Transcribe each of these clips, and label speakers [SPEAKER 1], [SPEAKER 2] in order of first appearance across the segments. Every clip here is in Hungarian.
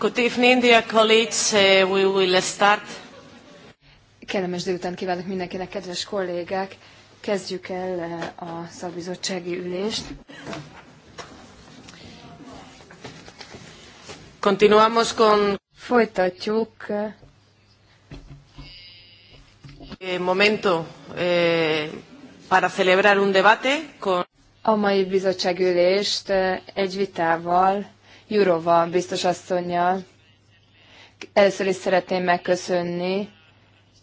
[SPEAKER 1] Good evening, dear colleagues. Uh, we will start. Kellemes délután kívánok
[SPEAKER 2] mindenkinek, kedves kollégák! Kezdjük el uh, a szakbizottsági ülést.
[SPEAKER 1] Continuamos con...
[SPEAKER 2] Folytatjuk. Eh,
[SPEAKER 1] momento eh, para celebrar un debate con... A mai
[SPEAKER 2] ülést eh, egy vitával Jurova biztos asszonynal. Először is szeretném megköszönni,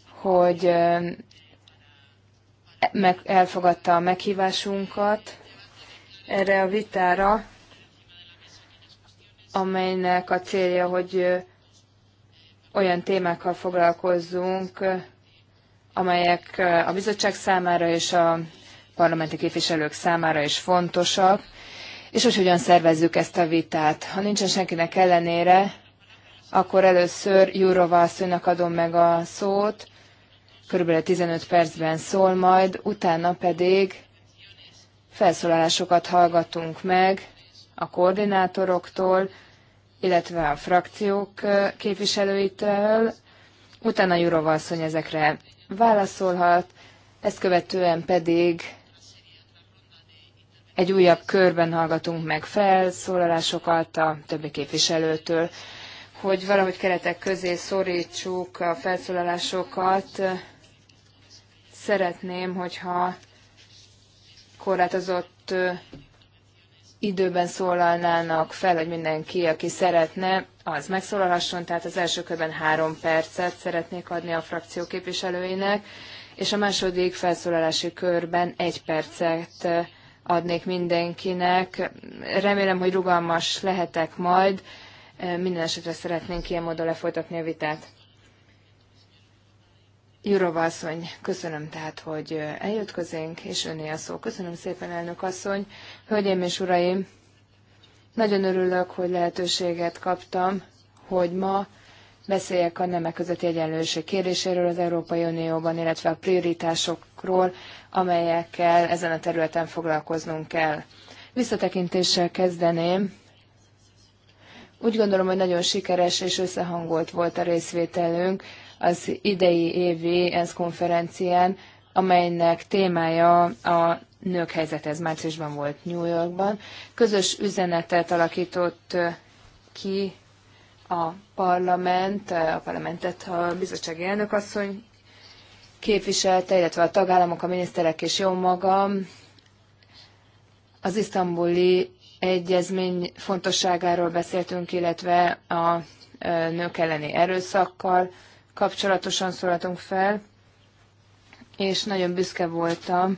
[SPEAKER 2] hogy meg, elfogadta a meghívásunkat erre a vitára, amelynek a célja, hogy olyan témákkal foglalkozzunk, amelyek a bizottság számára és a parlamenti képviselők számára is fontosak és hogy hogyan szervezzük ezt a vitát. Ha nincsen senkinek ellenére, akkor először Jurova asszonynak adom meg a szót, körülbelül 15 percben szól majd, utána pedig felszólalásokat hallgatunk meg a koordinátoroktól, illetve a frakciók képviselőitől, utána Jurova asszony ezekre válaszolhat, ezt követően pedig egy újabb körben hallgatunk meg felszólalásokat a többi képviselőtől, hogy valahogy keretek közé szorítsuk a felszólalásokat. Szeretném, hogyha korlátozott időben szólalnának fel, hogy mindenki, aki szeretne, az megszólalhasson. Tehát az első körben három percet szeretnék adni a frakció képviselőinek, és a második felszólalási körben egy percet adnék mindenkinek. Remélem, hogy rugalmas lehetek majd. Minden esetre szeretnénk ilyen módon lefolytatni a vitát. Jurova asszony, köszönöm tehát, hogy eljött közénk, és önné a szó. Köszönöm szépen, elnök asszony. Hölgyeim és uraim, nagyon örülök, hogy lehetőséget kaptam, hogy ma beszéljek a nemek közötti egyenlőség kérdéséről az Európai Unióban, illetve a prioritásokról, amelyekkel ezen a területen foglalkoznunk kell. Visszatekintéssel kezdeném. Úgy gondolom, hogy nagyon sikeres és összehangolt volt a részvételünk az idei évi ENSZ konferencián, amelynek témája a nők helyzete, ez márciusban volt New Yorkban. Közös üzenetet alakított ki a parlament, a parlamentet a bizottsági elnökasszony képviselte, illetve a tagállamok, a miniszterek és jó magam az isztambuli egyezmény fontosságáról beszéltünk, illetve a nők elleni erőszakkal kapcsolatosan szólaltunk fel, és nagyon büszke voltam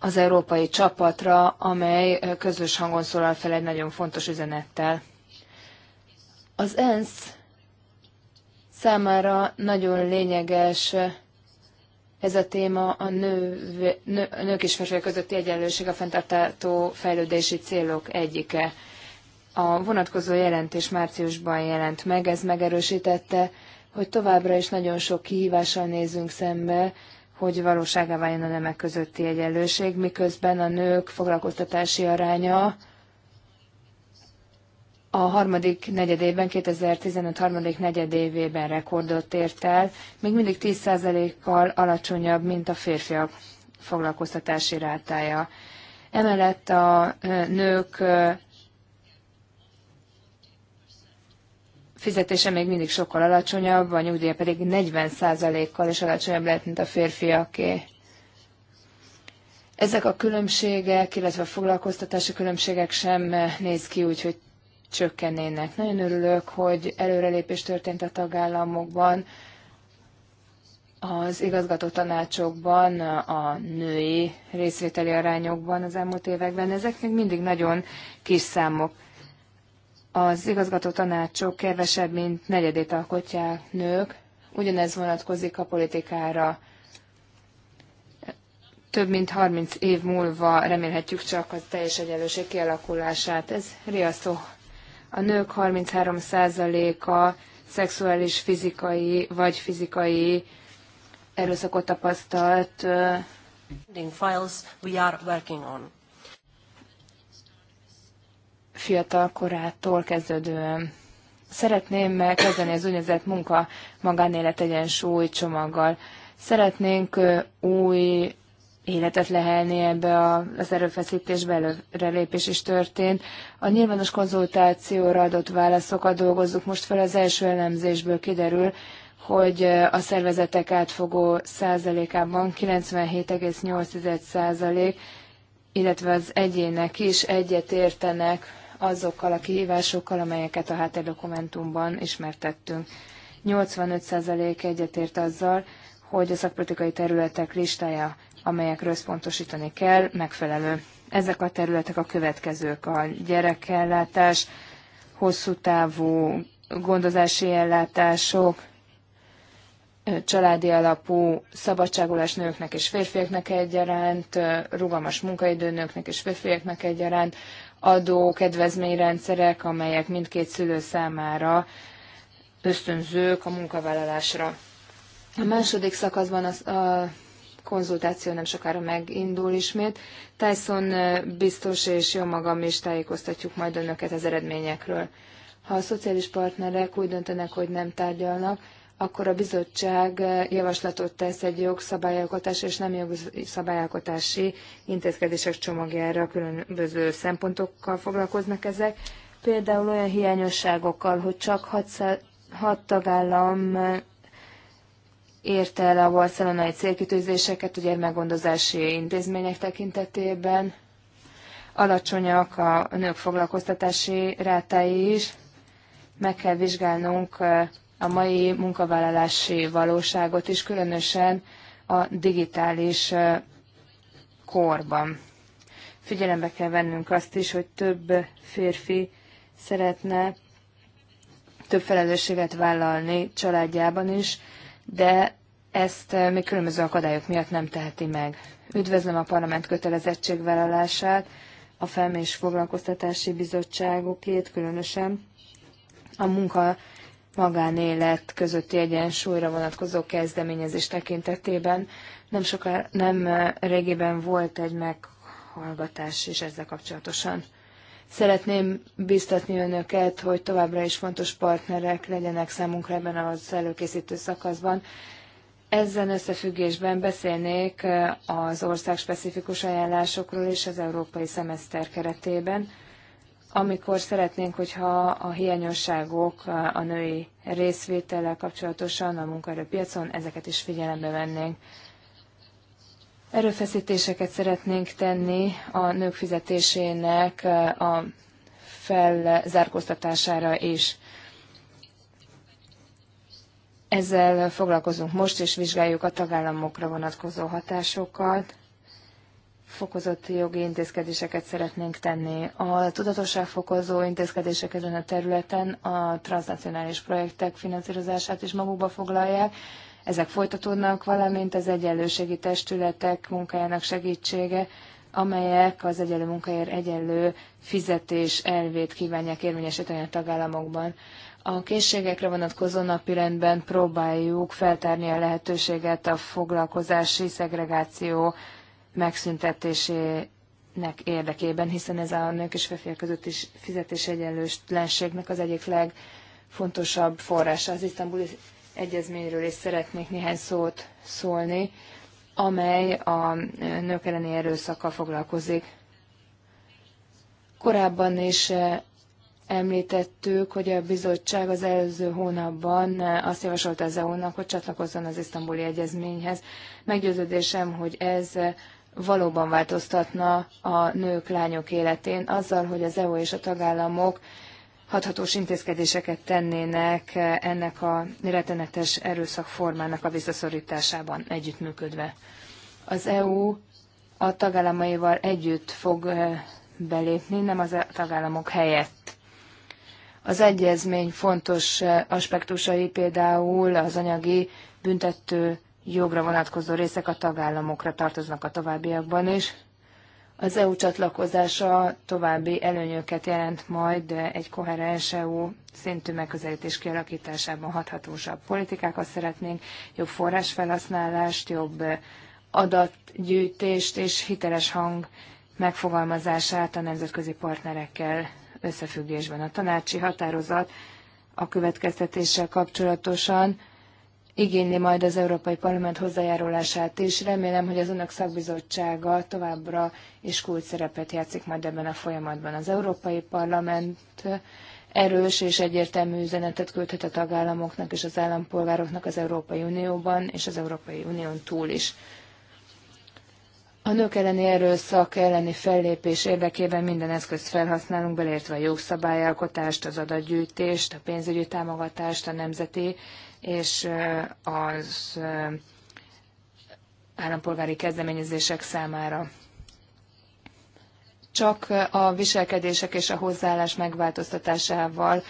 [SPEAKER 2] az európai csapatra, amely közös hangon szólal fel egy nagyon fontos üzenettel. Az ENSZ számára nagyon lényeges ez a téma a nő, nő, nők és férfiak közötti egyenlőség a fenntartató fejlődési célok egyike. A vonatkozó jelentés márciusban jelent meg, ez megerősítette, hogy továbbra is nagyon sok kihívással nézünk szembe, hogy valóságá váljon a nemek közötti egyenlőség, miközben a nők foglalkoztatási aránya a harmadik negyedében, 2015 harmadik negyedévében rekordot ért el, még mindig 10%-kal alacsonyabb, mint a férfiak foglalkoztatási rátája. Emellett a nők fizetése még mindig sokkal alacsonyabb, a nyugdíja pedig 40%-kal is alacsonyabb lehet, mint a férfiaké. Ezek a különbségek, illetve a foglalkoztatási különbségek sem néz ki úgy, hogy csökkennének. Nagyon örülök, hogy előrelépés történt a tagállamokban, az igazgató tanácsokban, a női részvételi arányokban az elmúlt években. Ezek még mindig nagyon kis számok. Az igazgató tanácsok kevesebb, mint negyedét alkotják nők. Ugyanez vonatkozik a politikára. Több mint 30 év múlva remélhetjük csak a teljes egyenlőség kialakulását. Ez riasztó a nők 33%-a szexuális, fizikai vagy fizikai erőszakot tapasztalt.
[SPEAKER 3] Files we are working on.
[SPEAKER 2] Fiatal korától kezdődően. Szeretném megkezdeni az úgynevezett munka magánélet egyensúly csomaggal. Szeretnénk új életet lehelni ebbe a, az erőfeszítésbe, előrelépés is történt. A nyilvános konzultációra adott válaszokat dolgozzuk most fel, az első elemzésből kiderül, hogy a szervezetek átfogó százalékában 97,8 százalék, illetve az egyének is egyet értenek azokkal a kihívásokkal, amelyeket a dokumentumban ismertettünk. 85 százalék egyetért azzal, hogy a szakpolitikai területek listája amelyekről összpontosítani kell, megfelelő. Ezek a területek a következők. A gyerekellátás, hosszú távú gondozási ellátások, családi alapú szabadságolás nőknek és férfiaknak egyaránt, rugalmas munkaidő nőknek és férfiaknak egyaránt, adó kedvezményrendszerek, amelyek mindkét szülő számára ösztönzők a munkavállalásra. A második szakaszban az, a konzultáció nem sokára megindul ismét. Tyson biztos és jó magam is tájékoztatjuk majd önöket az eredményekről. Ha a szociális partnerek úgy döntenek, hogy nem tárgyalnak, akkor a bizottság javaslatot tesz egy jogszabályalkotás és nem jogszabályalkotási intézkedések csomagjára különböző szempontokkal foglalkoznak ezek. Például olyan hiányosságokkal, hogy csak 6 tagállam érte el a barcelonai célkitűzéseket a gyermekgondozási intézmények tekintetében. Alacsonyak a nők foglalkoztatási rátái is. Meg kell vizsgálnunk a mai munkavállalási valóságot is, különösen a digitális korban. Figyelembe kell vennünk azt is, hogy több férfi szeretne több felelősséget vállalni családjában is, de ezt eh, még különböző akadályok miatt nem teheti meg. Üdvözlöm a parlament kötelezettségvállalását, a FEM és foglalkoztatási bizottságokét különösen, a munka magánélet közötti egyensúlyra vonatkozó kezdeményezés tekintetében. Nem, soká, nem eh, régében volt egy meghallgatás is ezzel kapcsolatosan. Szeretném biztatni önöket, hogy továbbra is fontos partnerek legyenek számunkra ebben az előkészítő szakaszban, ezen összefüggésben beszélnék az ország specifikus ajánlásokról és az európai szemeszter keretében, amikor szeretnénk, hogyha a hiányosságok a női részvétellel kapcsolatosan a munkaerőpiacon ezeket is figyelembe vennénk. Erőfeszítéseket szeretnénk tenni a nők fizetésének a felzárkóztatására is. Ezzel foglalkozunk most, és vizsgáljuk a tagállamokra vonatkozó hatásokat. Fokozott jogi intézkedéseket szeretnénk tenni. A tudatosságfokozó intézkedések ezen a területen a transnacionális projektek finanszírozását is magukba foglalják. Ezek folytatódnak, valamint az egyenlőségi testületek munkájának segítsége, amelyek az egyenlő munkáért egyenlő fizetés elvét kívánják érvényesíteni a tagállamokban. A készségekre vonatkozó napirendben próbáljuk feltárni a lehetőséget a foglalkozási szegregáció megszüntetésének érdekében, hiszen ez a nők és férfiak között is fizetés egyenlőtlenségnek az egyik legfontosabb forrása. Az isztambuli egyezményről is szeretnék néhány szót szólni, amely a nők elleni erőszakkal foglalkozik. Korábban is eh, Említettük, hogy a bizottság az előző hónapban azt javasolta az EU-nak, hogy csatlakozzon az isztambuli egyezményhez. Meggyőződésem, hogy ez valóban változtatna a nők, lányok életén azzal, hogy az EU és a tagállamok hathatós intézkedéseket tennének ennek a rettenetes erőszakformának a visszaszorításában együttműködve. Az EU a tagállamaival együtt fog eh, belépni, nem az a tagállamok helyett. Az egyezmény fontos eh, aspektusai például az anyagi büntető jogra vonatkozó részek a tagállamokra tartoznak a továbbiakban is. Az EU csatlakozása további előnyöket jelent majd egy koherens EU szintű megközelítés kialakításában hathatósabb politikákat szeretnénk, jobb forrásfelhasználást, jobb eh, adatgyűjtést és hiteles hang megfogalmazását a nemzetközi partnerekkel összefüggésben. A tanácsi határozat a következtetéssel kapcsolatosan igényli majd az Európai Parlament hozzájárulását is. Remélem, hogy az önök szakbizottsága továbbra is kult szerepet játszik majd ebben a folyamatban. Az Európai Parlament erős és egyértelmű üzenetet küldhet a tagállamoknak és az állampolgároknak az Európai Unióban és az Európai Unión túl is. A nők elleni erőszak elleni fellépés érdekében minden eszközt felhasználunk, beleértve a jogszabályalkotást, az adatgyűjtést, a pénzügyi támogatást, a nemzeti és az állampolgári kezdeményezések számára. Csak a viselkedések és a hozzáállás megváltoztatásával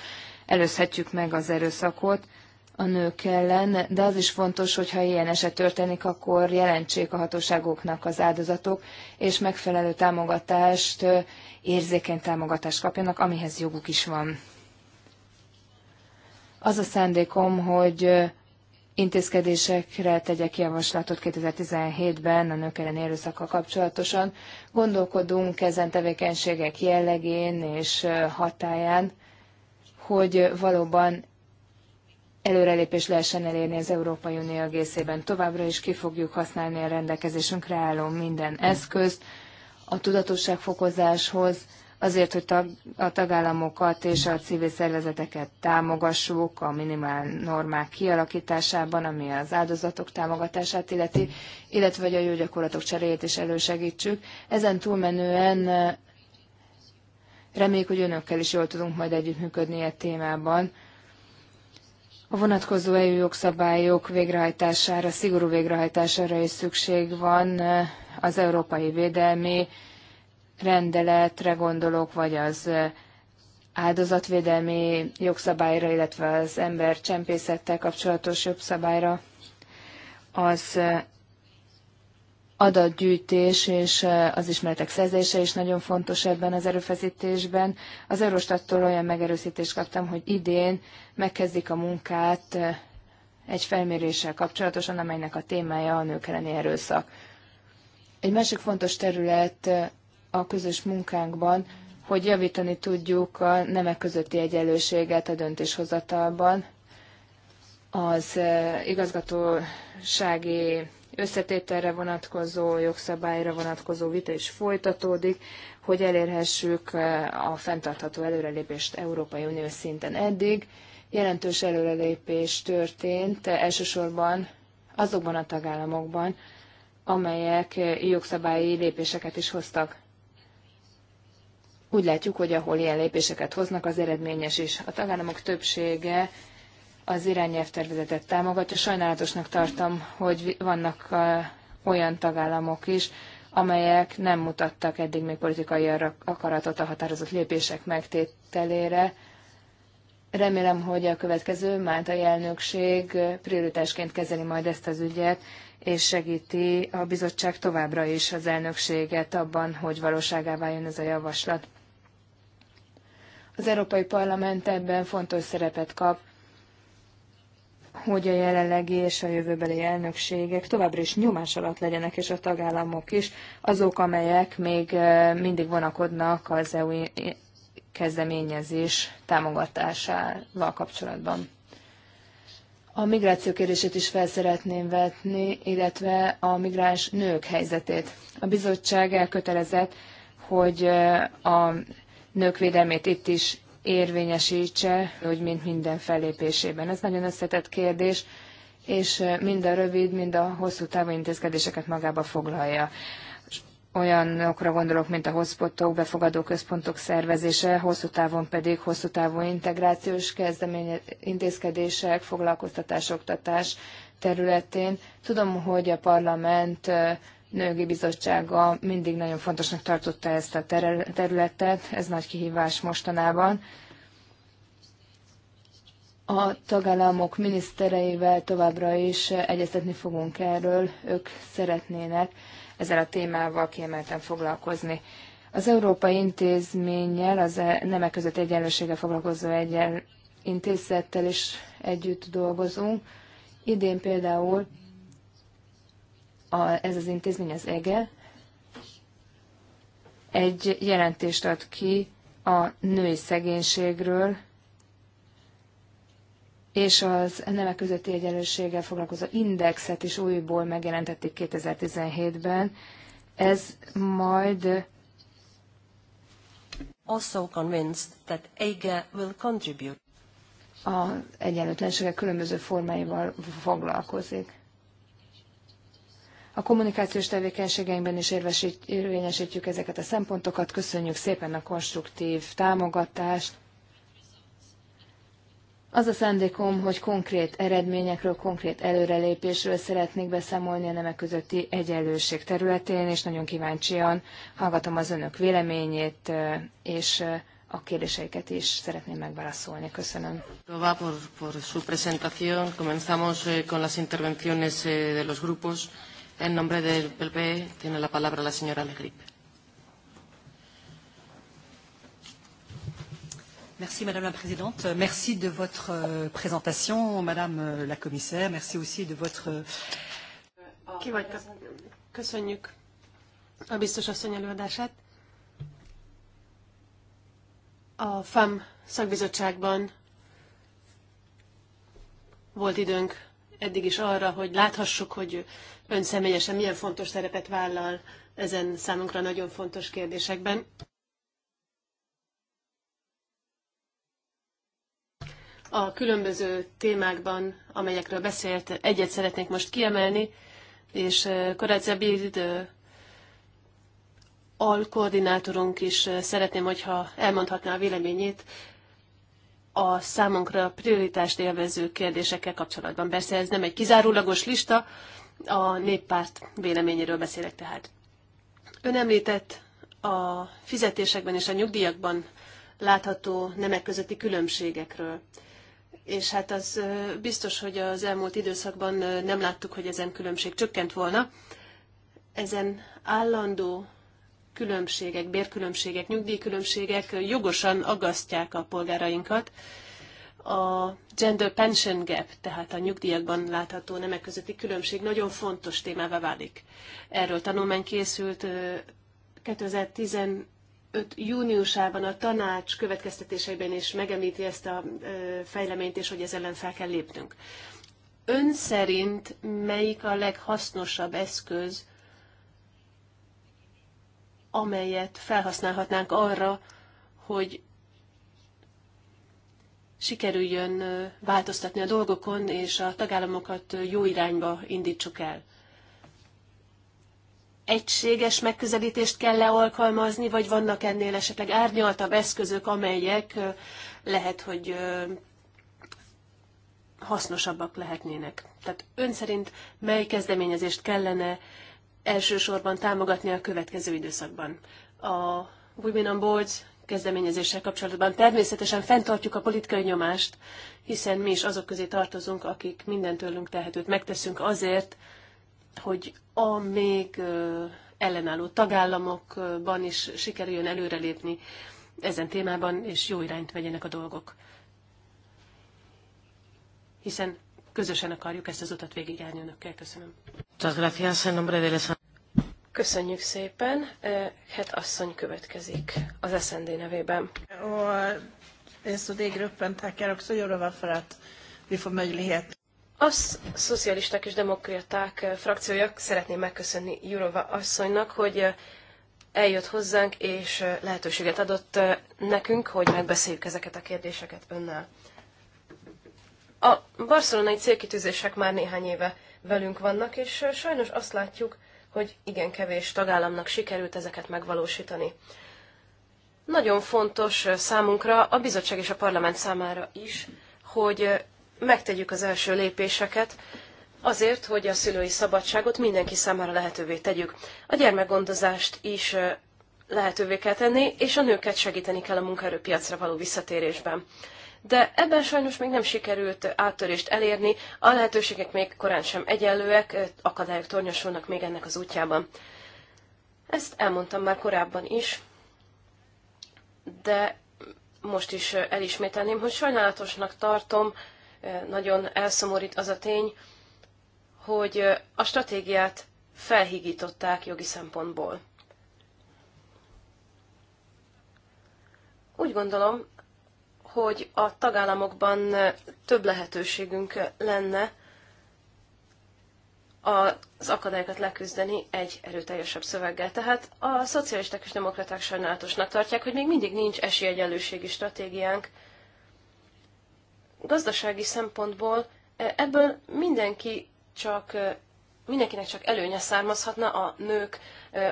[SPEAKER 2] előzhetjük meg az erőszakot, a nők ellen, de az is fontos, hogy ha ilyen eset történik, akkor jelentsék a hatóságoknak az áldozatok, és megfelelő támogatást, érzékeny támogatást kapjanak, amihez joguk is van. Az a szándékom, hogy intézkedésekre tegyek javaslatot 2017-ben a nők elleni erőszakkal kapcsolatosan. Gondolkodunk ezen tevékenységek jellegén és hatáján, hogy valóban előrelépés lehessen elérni az Európai Unió egészében. Továbbra is ki fogjuk használni a rendelkezésünkre álló minden eszközt a tudatosságfokozáshoz, azért, hogy a tagállamokat és a civil szervezeteket támogassuk a minimál normák kialakításában, ami az áldozatok támogatását illeti, illetve hogy a jó gyakorlatok cseréjét is elősegítsük. Ezen túlmenően eh, reméljük, hogy önökkel is jól tudunk majd együttműködni a e témában a vonatkozó EU jogszabályok végrehajtására, szigorú végrehajtására is szükség van eh, az európai védelmi rendeletre gondolok, vagy az eh, áldozatvédelmi jogszabályra, illetve az ember csempészettel kapcsolatos jogszabályra, az eh, adatgyűjtés és az ismeretek szerzése is nagyon fontos ebben az erőfeszítésben. Az Eurostattól olyan megerősítést kaptam, hogy idén megkezdik a munkát egy felméréssel kapcsolatosan, amelynek a témája a nők elleni erőszak. Egy másik fontos terület a közös munkánkban, hogy javítani tudjuk a nemek közötti egyenlőséget a döntéshozatalban. Az igazgatósági összetételre vonatkozó, jogszabályra vonatkozó vita is folytatódik, hogy elérhessük eh, a fenntartható előrelépést Európai Unió szinten eddig. Jelentős előrelépés történt eh, elsősorban azokban a tagállamokban, amelyek eh, jogszabályi lépéseket is hoztak. Úgy látjuk, hogy ahol ilyen lépéseket hoznak, az eredményes is. A tagállamok többsége az irányelvtervezetet támogatja. Sajnálatosnak tartom, hogy vannak olyan tagállamok is, amelyek nem mutattak eddig még politikai akaratot a határozott lépések megtételére. Remélem, hogy a következő Máltai elnökség prioritásként kezeli majd ezt az ügyet, és segíti a bizottság továbbra is az elnökséget abban, hogy valóságá váljon ez a javaslat. Az Európai Parlament ebben fontos szerepet kap, hogy a jelenlegi és a jövőbeli elnökségek továbbra is nyomás alatt legyenek, és a tagállamok is, azok, amelyek még mindig vonakodnak az EU kezdeményezés támogatásával kapcsolatban. A migráció kérdését is fel szeretném vetni, illetve a migráns nők helyzetét. A bizottság elkötelezett, hogy a nők védelmét itt is érvényesítse, hogy mint minden fellépésében. Ez nagyon összetett kérdés, és mind a rövid, mind a hosszú távú intézkedéseket magába foglalja. Olyanokra gondolok, mint a hotspotok, befogadó központok szervezése, hosszú távon pedig hosszú távú integrációs kezdemény, intézkedések, foglalkoztatás, oktatás területén. Tudom, hogy a parlament Nőgi Bizottsága mindig nagyon fontosnak tartotta ezt a területet, ez nagy kihívás mostanában. A tagállamok minisztereivel továbbra is egyeztetni fogunk erről, ők szeretnének ezzel a témával kiemelten foglalkozni. Az Európai Intézménnyel, az e- nemek között egyenlőséggel foglalkozó egyen intézettel is együtt dolgozunk. Idén például a, ez az intézmény, az EGE, e, egy jelentést ad ki a női szegénységről, és az nemek közötti egyenlőséggel foglalkozó indexet is újból megjelentették 2017-ben. Ez majd
[SPEAKER 3] also convinced that EGE e will contribute.
[SPEAKER 2] A egyenlőtlenségek különböző formáival foglalkozik. A kommunikációs tevékenységeinkben is érvényesítjük ezeket a szempontokat. Köszönjük szépen a konstruktív támogatást. Az a szándékom, hogy konkrét eredményekről, konkrét előrelépésről szeretnék beszámolni a nemek közötti egyenlőség területén, és nagyon kíváncsian hallgatom az önök véleményét, és a kérdéseiket is szeretném megválaszolni. Köszönöm.
[SPEAKER 1] Por, por su presentación. Comenzamos eh, con las intervenciones eh, de los grupos. En nombre del PP tiene la palabra la señora Merci Madame la Présidente. Merci de votre euh, présentation, Madame euh, la Commissaire. Merci aussi de votre... Euh, Ki vagy?
[SPEAKER 3] Köszönjük a biztos asszony előadását. A FAM szakbizottságban volt időnk eddig is arra, hogy láthassuk, hogy ön személyesen milyen fontos szerepet vállal ezen számunkra nagyon fontos kérdésekben. A különböző témákban, amelyekről beszélt, egyet szeretnék most kiemelni, és eh, Korácia Bild eh, alkoordinátorunk is eh, szeretném, hogyha elmondhatná a véleményét a számunkra prioritást élvező kérdésekkel kapcsolatban. Persze ez nem egy kizárólagos lista, a néppárt véleményéről beszélek tehát. Ön említett a fizetésekben és a nyugdíjakban látható nemek közötti különbségekről. És hát az biztos, hogy az elmúlt időszakban nem láttuk, hogy ezen különbség csökkent volna. Ezen állandó különbségek, bérkülönbségek, nyugdíjkülönbségek jogosan aggasztják a polgárainkat. A gender pension gap, tehát a nyugdíjakban látható nemek közötti különbség nagyon fontos témává válik. Erről tanulmány készült 2015 júniusában a tanács következtetéseiben is megemlíti ezt a fejleményt, és hogy ez ellen fel kell lépnünk. Ön szerint melyik a leghasznosabb eszköz amelyet felhasználhatnánk arra, hogy sikerüljön változtatni a dolgokon, és a tagállamokat jó irányba indítsuk el. Egységes megközelítést kell lealkalmazni, alkalmazni, vagy vannak ennél esetleg árnyaltabb eszközök, amelyek lehet, hogy hasznosabbak lehetnének? Tehát ön szerint mely kezdeményezést kellene elsősorban támogatni a következő időszakban. A Women on Board kezdeményezéssel kapcsolatban természetesen fenntartjuk a politikai nyomást, hiszen mi is azok közé tartozunk, akik mindentőlünk tehetőt megteszünk azért, hogy a még ellenálló tagállamokban is sikerüljön előrelépni ezen témában, és jó irányt vegyenek a dolgok. Hiszen közösen akarjuk ezt az utat végigjárni önökkel. Köszönöm. Köszönjük szépen. Hát asszony következik az SND nevében. A szocialisták és demokraták frakciója szeretné megköszönni Jurova asszonynak, hogy eljött hozzánk, és lehetőséget adott nekünk, hogy megbeszéljük ezeket a kérdéseket önnel. A barcelonai célkitűzések már néhány éve velünk vannak, és sajnos azt látjuk, hogy igen kevés tagállamnak sikerült ezeket megvalósítani. Nagyon fontos számunkra, a bizottság és a parlament számára is, hogy megtegyük az első lépéseket, Azért, hogy a szülői szabadságot mindenki számára lehetővé tegyük. A gyermekgondozást is lehetővé kell tenni, és a nőket segíteni kell a munkaerőpiacra való visszatérésben de ebben sajnos még nem sikerült áttörést elérni, a lehetőségek még korán sem egyenlőek, akadályok tornyosulnak még ennek az útjában. Ezt elmondtam már korábban is, de most is elismételném, hogy sajnálatosnak tartom, nagyon elszomorít az a tény, hogy a stratégiát felhigították jogi szempontból. Úgy gondolom, hogy a tagállamokban több lehetőségünk lenne az akadályokat leküzdeni egy erőteljesebb szöveggel. Tehát a szocialisták és demokraták sajnálatosnak tartják, hogy még mindig nincs esélyegyenlőségi stratégiánk. Gazdasági szempontból ebből mindenki csak mindenkinek csak előnye származhatna, a nők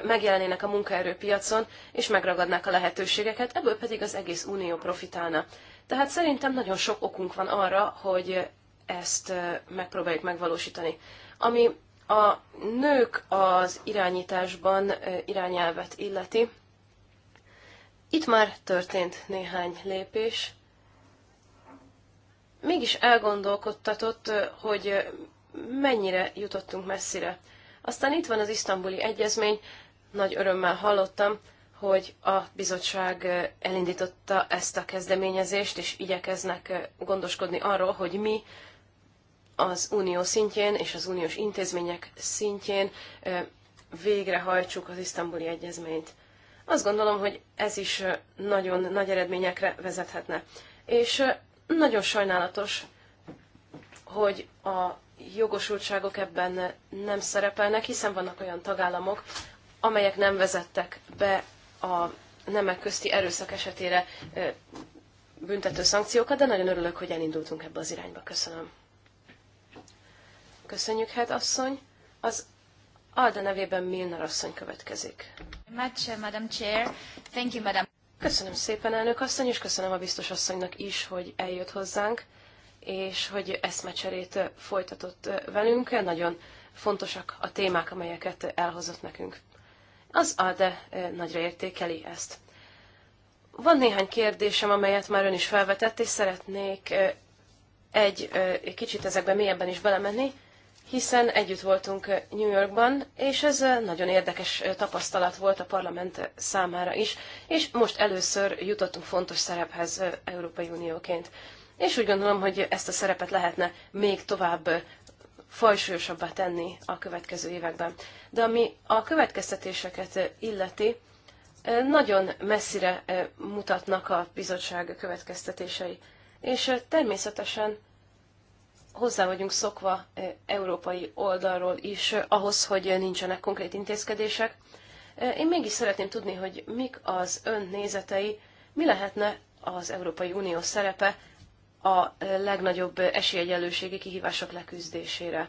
[SPEAKER 3] megjelenének a munkaerőpiacon, és megragadnák a lehetőségeket, ebből pedig az egész unió profitálna. Tehát szerintem nagyon sok okunk van arra, hogy ezt megpróbáljuk megvalósítani. Ami a nők az irányításban irányelvet illeti, itt már történt néhány lépés. Mégis elgondolkodtatott, hogy mennyire jutottunk messzire. Aztán itt van az isztambuli egyezmény, nagy örömmel hallottam, hogy a bizottság eh, elindította ezt a kezdeményezést, és igyekeznek eh, gondoskodni arról, hogy mi az unió szintjén és az uniós intézmények szintjén eh, végrehajtsuk az isztambuli egyezményt. Azt gondolom, hogy ez is nagyon nagy eredményekre vezethetne. És nagyon sajnálatos, hogy a jogosultságok ebben nem szerepelnek, hiszen vannak olyan tagállamok, amelyek nem vezettek be a nemek közti erőszak esetére büntető szankciókat, de nagyon örülök, hogy elindultunk ebbe az irányba. Köszönöm. Köszönjük, hát asszony. Az Alda nevében Milner asszony következik. Uh, köszönöm szépen, elnök asszony, és köszönöm a biztos asszonynak is, hogy eljött hozzánk és hogy eszmecserét folytatott velünk. Nagyon fontosak a témák, amelyeket elhozott nekünk. Az Ade nagyra értékeli ezt. Van néhány kérdésem, amelyet már ön is felvetett, és szeretnék egy kicsit ezekbe mélyebben is belemenni, hiszen együtt voltunk New Yorkban, és ez nagyon érdekes tapasztalat volt a parlament számára is, és most először jutottunk fontos szerephez Európai Unióként és úgy gondolom, hogy ezt a szerepet lehetne még tovább fajsúlyosabbá tenni a következő években. De ami a következtetéseket illeti, nagyon messzire mutatnak a bizottság következtetései. És természetesen hozzá vagyunk szokva európai oldalról is ahhoz, hogy nincsenek konkrét intézkedések. Én mégis szeretném tudni, hogy mik az ön nézetei, mi lehetne az Európai Unió szerepe a legnagyobb esélyegyenlőségi kihívások leküzdésére.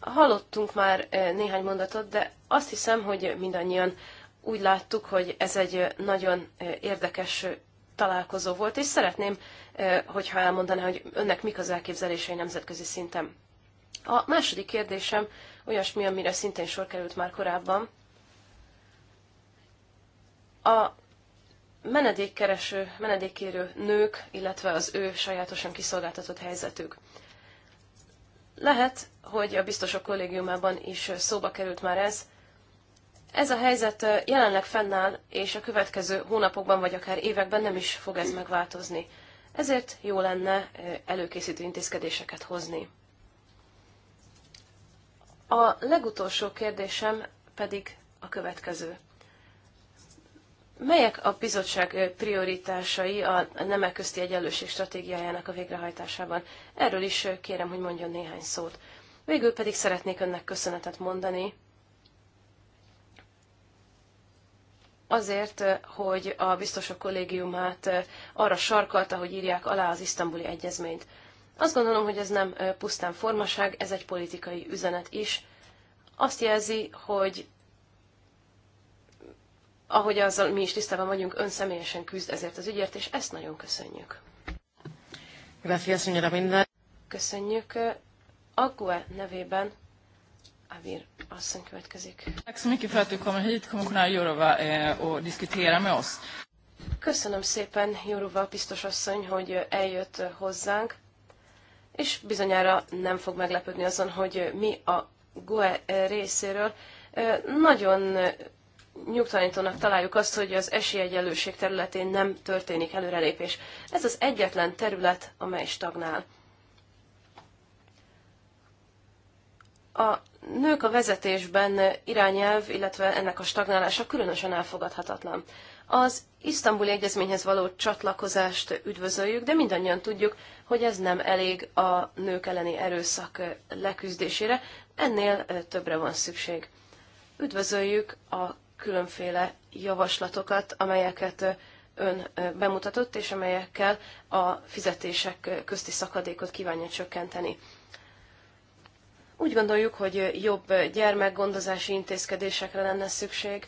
[SPEAKER 3] Hallottunk már eh, néhány mondatot, de azt hiszem, hogy mindannyian úgy láttuk, hogy ez egy nagyon eh, érdekes találkozó volt, és szeretném, eh, hogyha elmondaná, hogy önnek mik az elképzelései nemzetközi szinten. A második kérdésem olyasmi, amire szintén sor került már korábban. A menedékkereső, menedékkérő nők, illetve az ő sajátosan kiszolgáltatott helyzetük. Lehet, hogy a biztosok kollégiumában is szóba került már ez. Ez a helyzet jelenleg fennáll, és a következő hónapokban vagy akár években nem is fog ez megváltozni. Ezért jó lenne eh, előkészítő intézkedéseket hozni. A legutolsó kérdésem pedig a következő. Melyek a bizottság prioritásai a nemek közti egyenlőség stratégiájának a végrehajtásában? Erről is kérem, hogy mondjon néhány szót. Végül pedig szeretnék önnek köszönetet mondani azért, hogy a biztosok kollégiumát arra sarkalta, hogy írják alá az isztambuli egyezményt. Azt gondolom, hogy ez nem pusztán formaság, ez egy politikai üzenet is. Azt jelzi, hogy ahogy azzal mi is tisztában vagyunk, ön személyesen küzd ezért az ügyért, és ezt nagyon köszönjük.
[SPEAKER 1] Gracias, señora Binder.
[SPEAKER 3] Köszönjük. Ague nevében Avir asszony következik. Tack så mycket för att du kommer hit, kommissionär Jourova, eh, och diskuterar med oss. Köszönöm szépen, Jourova biztos asszony, hogy eljött hozzánk, és bizonyára nem fog meglepődni azon, hogy mi a GUE részéről eh, nagyon nyugtalanítónak találjuk azt, hogy az esélyegyenlőség területén nem történik előrelépés. Ez az egyetlen terület, amely stagnál. A nők a vezetésben irányelv, illetve ennek a stagnálása különösen elfogadhatatlan. Az isztambuli egyezményhez való csatlakozást üdvözöljük, de mindannyian tudjuk, hogy ez nem elég a nők elleni erőszak leküzdésére, ennél többre van szükség. Üdvözöljük a különféle javaslatokat, amelyeket ön bemutatott, és amelyekkel a fizetések közti szakadékot kívánja csökkenteni. Úgy gondoljuk, hogy jobb gyermekgondozási intézkedésekre lenne szükség,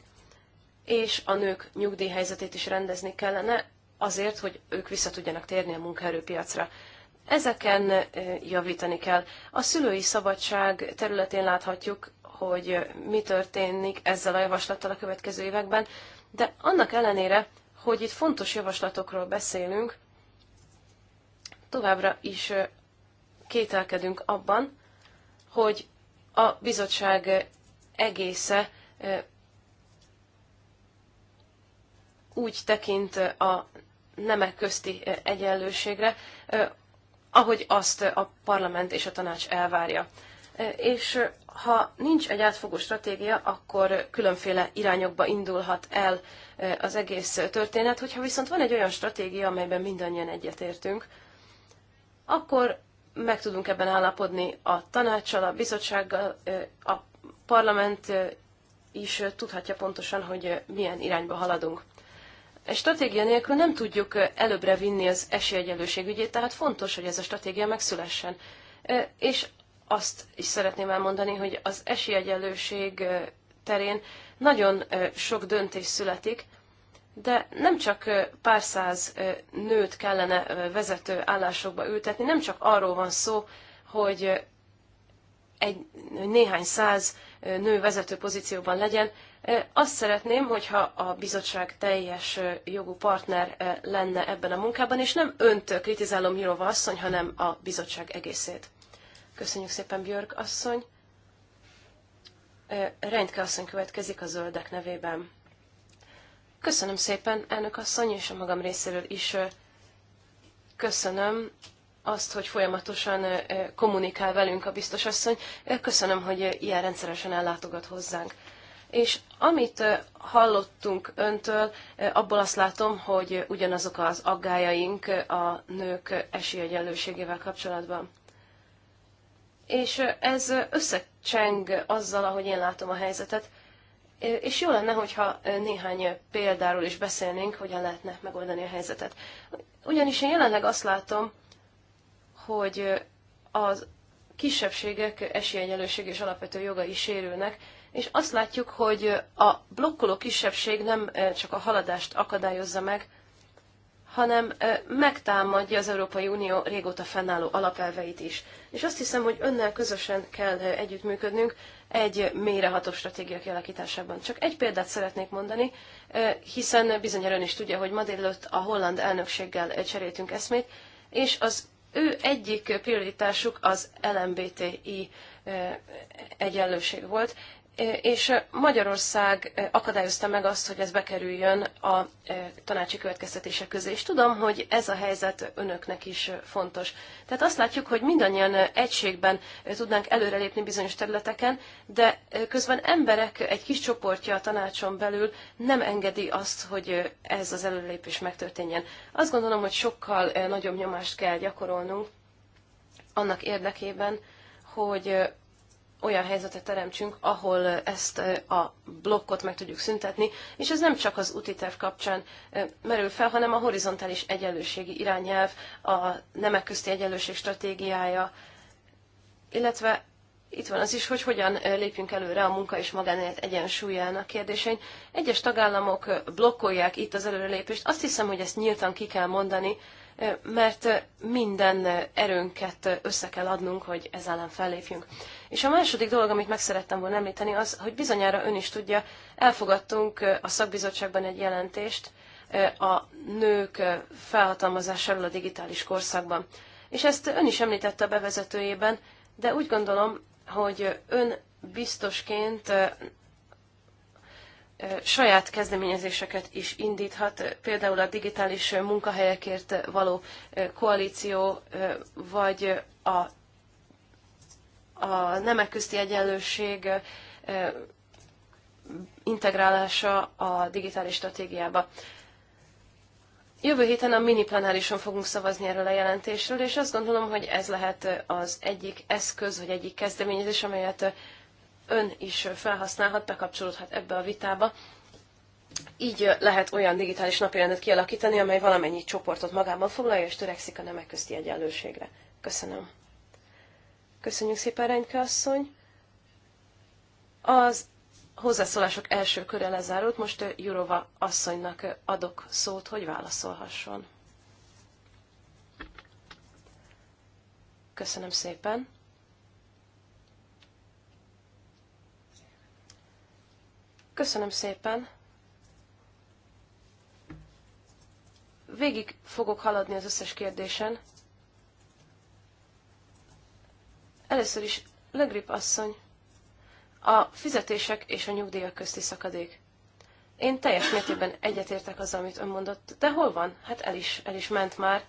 [SPEAKER 3] és a nők nyugdíjhelyzetét is rendezni kellene, azért, hogy ők vissza tudjanak térni a munkaerőpiacra. Ezeken javítani kell. A szülői szabadság területén láthatjuk, hogy mi történik ezzel a javaslattal a következő években, de annak ellenére, hogy itt fontos javaslatokról beszélünk, továbbra is kételkedünk abban, hogy a bizottság egésze úgy tekint a nemek közti egyenlőségre, ahogy azt a parlament és a tanács elvárja. És ha nincs egy átfogó stratégia, akkor különféle irányokba indulhat el az egész történet. Hogyha viszont van egy olyan stratégia, amelyben mindannyian egyetértünk, akkor meg tudunk ebben állapodni a tanácssal, a bizottsággal, a parlament is tudhatja pontosan, hogy milyen irányba haladunk. Egy stratégia nélkül nem tudjuk előbbre vinni az esélyegyelőség ügyét, tehát fontos, hogy ez a stratégia megszülessen. És azt is szeretném elmondani, hogy az esélyegyenlőség terén nagyon sok döntés születik, de nem csak pár száz nőt kellene vezető állásokba ültetni, nem csak arról van szó, hogy egy néhány száz nő vezető pozícióban legyen. Azt szeretném, hogyha a bizottság teljes jogú partner lenne ebben a munkában, és nem önt kritizálom Jirova asszony, hanem a bizottság egészét. Köszönjük szépen, Björk asszony. Reintke asszony következik a zöldek nevében. Köszönöm szépen, elnök asszony, és a magam részéről is köszönöm azt, hogy folyamatosan kommunikál velünk a biztos asszony. Köszönöm, hogy ilyen rendszeresen ellátogat hozzánk. És amit hallottunk öntől, abból azt látom, hogy ugyanazok az aggájaink a nők esélyegyenlőségével kapcsolatban és ez összecseng azzal, ahogy én látom a helyzetet. És jó lenne, hogyha néhány példáról is beszélnénk, hogyan lehetne megoldani a helyzetet. Ugyanis én jelenleg azt látom, hogy a kisebbségek esélyegyelőség és alapvető jogai sérülnek, és azt látjuk, hogy a blokkoló kisebbség nem csak a haladást akadályozza meg, hanem megtámadja az Európai Unió régóta fennálló alapelveit is. És azt hiszem, hogy önnel közösen kell együttműködnünk egy mélyreható stratégia kialakításában. Csak egy példát szeretnék mondani, hiszen bizonyára ön is tudja, hogy ma délelőtt a holland elnökséggel cseréltünk eszmét, és az ő egyik prioritásuk az LMBTI egyenlőség volt, és Magyarország eh, akadályozta meg azt, hogy ez bekerüljön a eh, tanácsi következtetések közé, és tudom, hogy ez a helyzet önöknek is eh, fontos. Tehát azt látjuk, hogy mindannyian egységben tudnánk előrelépni bizonyos területeken, de közben emberek egy kis csoportja a tanácson belül nem engedi azt, hogy ez az előrelépés megtörténjen. Azt gondolom, hogy sokkal nagyobb nyomást kell gyakorolnunk annak érdekében, hogy olyan helyzetet teremtsünk, ahol ezt a blokkot meg tudjuk szüntetni, és ez nem csak az úti terv kapcsán merül fel, hanem a horizontális egyenlőségi irányelv, a nemek közti egyenlőség stratégiája, illetve itt van az is, hogy hogyan lépjünk előre a munka és magánélet egyensúlyának kérdésein. Egyes tagállamok blokkolják itt az előrelépést. Azt hiszem, hogy ezt nyíltan ki kell mondani, mert minden erőnket össze kell adnunk, hogy ez ellen fellépjünk. És a második dolog, amit meg szerettem volna említeni, az, hogy bizonyára ön is tudja, elfogadtunk a szakbizottságban egy jelentést a nők felhatalmazásáról a digitális korszakban. És ezt ön is említette a bevezetőjében, de úgy gondolom, hogy ön biztosként saját kezdeményezéseket is indíthat, például a digitális munkahelyekért való koalíció, vagy a a nemek közti egyenlőség integrálása a digitális stratégiába. Jövő héten a mini plenárison fogunk szavazni erről a jelentésről, és azt gondolom, hogy ez lehet az egyik eszköz, vagy egyik kezdeményezés, amelyet ön is felhasználhat, bekapcsolódhat ebbe a vitába. Így lehet olyan digitális napirendet kialakítani, amely valamennyi csoportot magában foglalja, és törekszik a nemek közti egyenlőségre. Köszönöm. Köszönjük szépen, Renyke asszony. Az hozzászólások első köre lezárult, most Jurova asszonynak adok szót, hogy válaszolhasson. Köszönöm szépen. Köszönöm szépen. Végig fogok haladni az összes kérdésen, Először is Legrip asszony, a fizetések és a nyugdíjak közti szakadék. Én teljes mértékben egyetértek azzal, amit ön mondott, de hol van? Hát el is, el is ment már.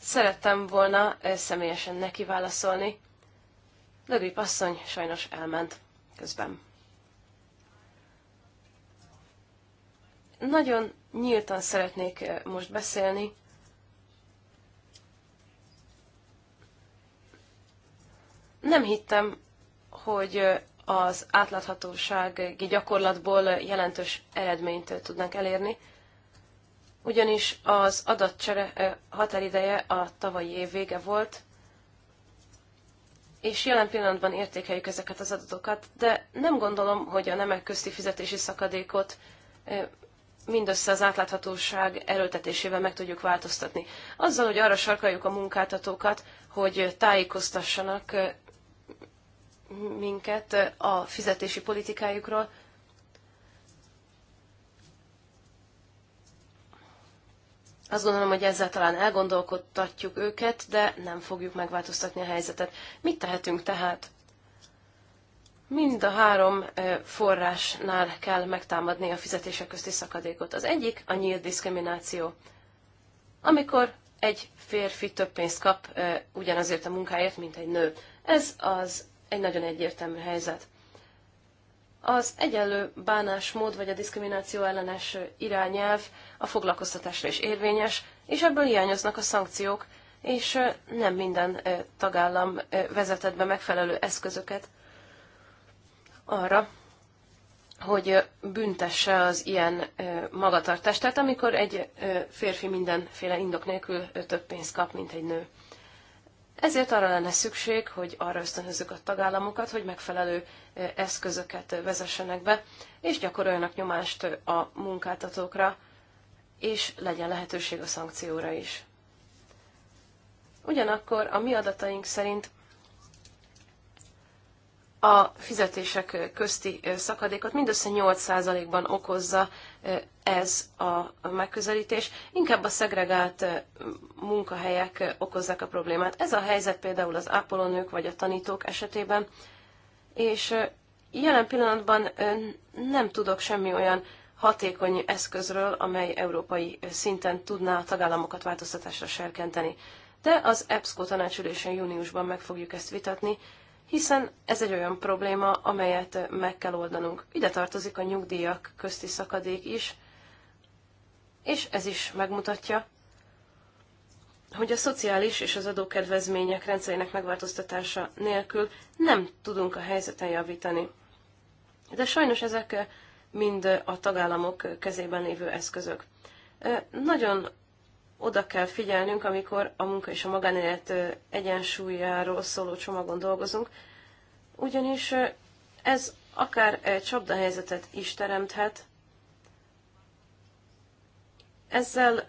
[SPEAKER 3] Szerettem volna személyesen neki válaszolni. Legrip asszony sajnos elment közben. Nagyon nyíltan szeretnék most beszélni nem hittem, hogy az átláthatóság gyakorlatból jelentős eredményt tudnánk elérni, ugyanis az adatcsere határideje a tavalyi év vége volt, és jelen pillanatban értékeljük ezeket az adatokat, de nem gondolom, hogy a nemek közti fizetési szakadékot mindössze az átláthatóság erőltetésével meg tudjuk változtatni. Azzal, hogy arra sarkaljuk a munkáltatókat, hogy tájékoztassanak minket a fizetési politikájukról. Azt gondolom, hogy ezzel talán elgondolkodtatjuk őket, de nem fogjuk megváltoztatni a helyzetet. Mit tehetünk tehát? Mind a három forrásnál kell megtámadni a fizetések közti szakadékot. Az egyik a nyílt diszkrimináció. Amikor egy férfi több pénzt kap ugyanazért a munkáért, mint egy nő. Ez az egy nagyon egyértelmű helyzet. Az egyenlő bánásmód vagy a diszkrimináció ellenes irányelv a foglalkoztatásra is érvényes, és ebből hiányoznak a szankciók, és nem minden tagállam vezetett be megfelelő eszközöket arra, hogy büntesse az ilyen magatartást. Tehát amikor egy férfi mindenféle indok nélkül több pénzt kap, mint egy nő. Ezért arra lenne szükség, hogy arra ösztönözzük a tagállamokat, hogy megfelelő eszközöket vezessenek be, és gyakoroljanak nyomást a munkáltatókra, és legyen lehetőség a szankcióra is. Ugyanakkor a mi adataink szerint a fizetések közti szakadékot mindössze 8%-ban okozza ez a megközelítés. Inkább a szegregált munkahelyek okozzák a problémát. Ez a helyzet például az ápolónők vagy a tanítók esetében, és jelen pillanatban nem tudok semmi olyan hatékony eszközről, amely európai szinten tudná a tagállamokat változtatásra serkenteni. De az EBSCO tanácsülésen júniusban meg fogjuk ezt vitatni, hiszen ez egy olyan probléma, amelyet meg kell oldanunk. Ide tartozik a nyugdíjak közti szakadék is, és ez is megmutatja, hogy a szociális és az adókedvezmények rendszerének megváltoztatása nélkül nem tudunk a helyzeten javítani. De sajnos ezek mind a tagállamok kezében lévő eszközök. Nagyon oda kell figyelnünk, amikor a munka és a magánélet egyensúlyáról szóló csomagon dolgozunk, ugyanis ez akár egy csapdahelyzetet is teremthet. Ezzel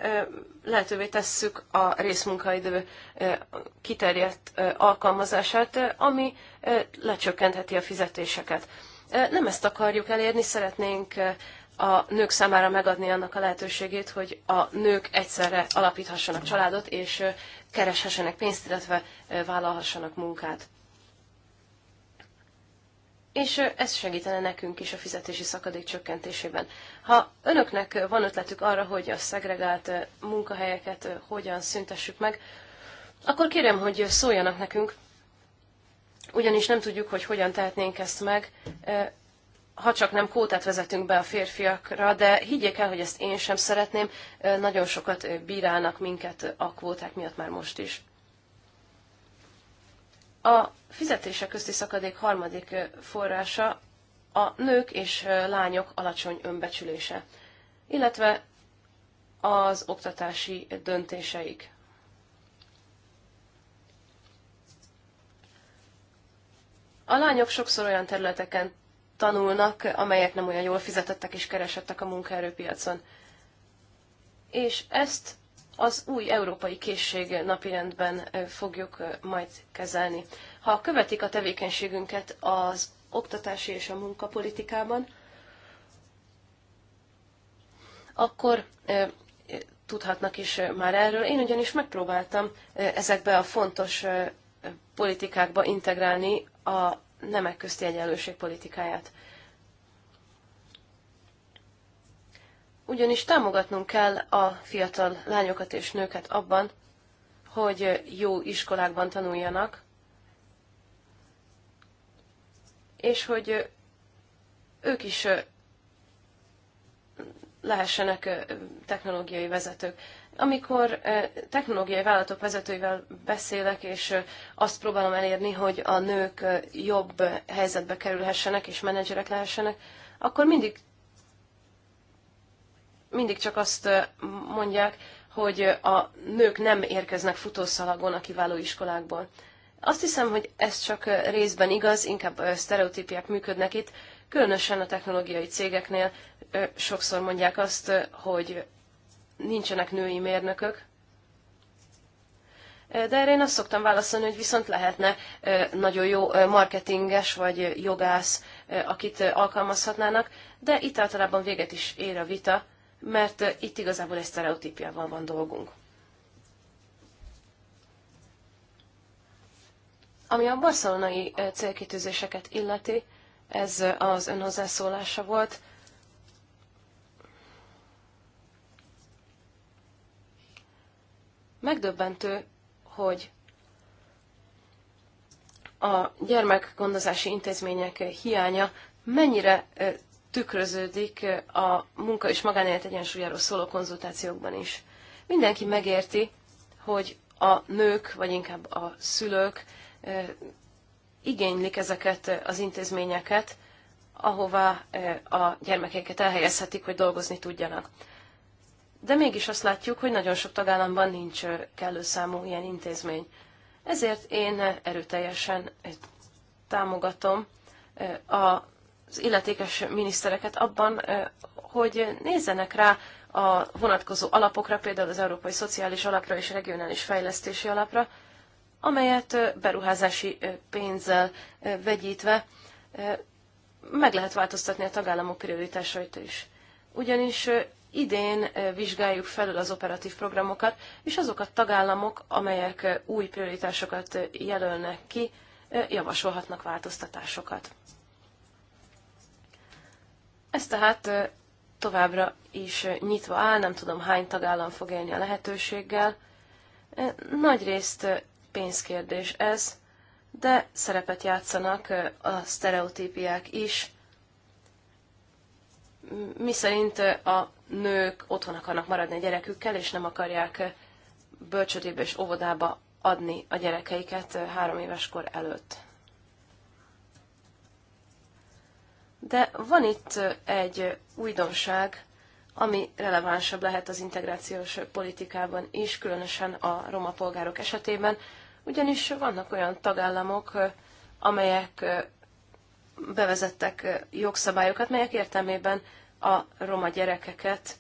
[SPEAKER 3] lehetővé tesszük a részmunkaidő kiterjedt alkalmazását, ami lecsökkentheti a fizetéseket. Nem ezt akarjuk elérni, szeretnénk a nők számára megadni annak a lehetőségét, hogy a nők egyszerre alapíthassanak családot, és kereshessenek pénzt, illetve vállalhassanak munkát. És ez segítene nekünk is a fizetési szakadék csökkentésében. Ha önöknek van ötletük arra, hogy a szegregált munkahelyeket hogyan szüntessük meg, akkor kérem, hogy szóljanak nekünk, ugyanis nem tudjuk, hogy hogyan tehetnénk ezt meg, ha csak nem kótát vezetünk be a férfiakra, de higgyék el, hogy ezt én sem szeretném, nagyon sokat bírálnak minket a kvóták miatt már most is. A fizetése közti szakadék harmadik forrása a nők és lányok alacsony önbecsülése, illetve az oktatási döntéseik. A lányok sokszor olyan területeken tanulnak, amelyek nem olyan jól fizetettek és keresettek a munkaerőpiacon. És ezt az új európai készség napirendben fogjuk majd kezelni. Ha követik a tevékenységünket az oktatási és a munkapolitikában, akkor tudhatnak is már erről. Én ugyanis megpróbáltam ezekbe a fontos politikákba integrálni a nemek közti egyenlőség politikáját. Ugyanis támogatnunk kell a fiatal lányokat és nőket abban, hogy jó iskolákban tanuljanak, és hogy ők is lehessenek technológiai vezetők. Amikor technológiai vállalatok vezetőivel beszélek, és azt próbálom elérni, hogy a nők jobb helyzetbe kerülhessenek és menedzserek lehessenek, akkor mindig, mindig csak azt mondják, hogy a nők nem érkeznek futószalagon a kiváló iskolákból. Azt hiszem, hogy ez csak részben igaz, inkább sztereotípiák működnek itt, különösen a technológiai cégeknél sokszor mondják azt, hogy nincsenek női mérnökök. De erre én azt szoktam válaszolni, hogy viszont lehetne nagyon jó marketinges vagy jogász, akit alkalmazhatnának, de itt általában véget is ér a vita, mert itt igazából egy sztereotípiával van dolgunk. Ami a barcelonai célkitűzéseket illeti, ez az önhozzászólása volt, Megdöbbentő, hogy a gyermekgondozási intézmények hiánya mennyire tükröződik a munka és magánélet egyensúlyáról szóló konzultációkban is. Mindenki megérti, hogy a nők, vagy inkább a szülők igénylik ezeket az intézményeket, ahová a gyermekeket elhelyezhetik, hogy dolgozni tudjanak de mégis azt látjuk, hogy nagyon sok tagállamban nincs kellő számú ilyen intézmény. Ezért én erőteljesen támogatom az illetékes minisztereket abban, hogy nézzenek rá a vonatkozó alapokra, például az Európai Szociális Alapra és Regionális Fejlesztési Alapra, amelyet beruházási pénzzel vegyítve meg lehet változtatni a tagállamok prioritásait is. Ugyanis idén vizsgáljuk felül az operatív programokat, és azok a tagállamok, amelyek új prioritásokat jelölnek ki, javasolhatnak változtatásokat. Ez tehát továbbra is nyitva áll, nem tudom hány tagállam fog élni a lehetőséggel. Nagyrészt pénzkérdés ez, de szerepet játszanak a sztereotípiák is, miszerint a nők otthon akarnak maradni a gyerekükkel, és nem akarják bölcsödébe és óvodába adni a gyerekeiket eh, három éves kor előtt. De van itt eh, egy újdonság, ami relevánsabb lehet az integrációs politikában is, különösen a roma polgárok esetében, ugyanis vannak olyan tagállamok, eh, amelyek bevezettek jogszabályokat, melyek értelmében a roma gyerekeket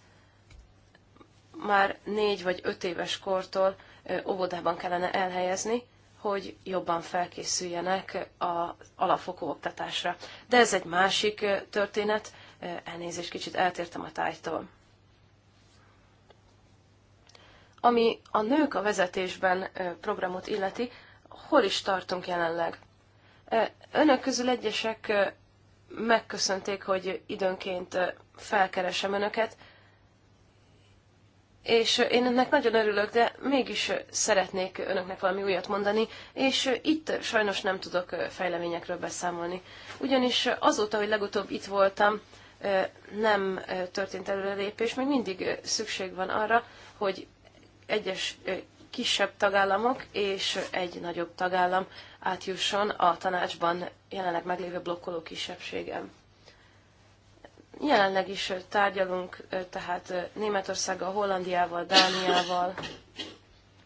[SPEAKER 3] már négy vagy öt éves kortól óvodában kellene elhelyezni, hogy jobban felkészüljenek az alapfokú oktatásra. De ez egy másik történet, elnézést, kicsit eltértem a tájtól. Ami a nők a vezetésben programot illeti, hol is tartunk jelenleg? Önök közül egyesek megköszönték, hogy időnként felkeresem önöket, és én ennek nagyon örülök, de mégis szeretnék önöknek valami újat mondani, és itt sajnos nem tudok fejleményekről beszámolni. Ugyanis azóta, hogy legutóbb itt voltam, nem történt előrelépés, még mindig szükség van arra, hogy egyes kisebb tagállamok és egy nagyobb tagállam átjusson a tanácsban jelenleg meglévő blokkoló kisebbségem. Jelenleg is tárgyalunk tehát Németországgal, Hollandiával, Dániával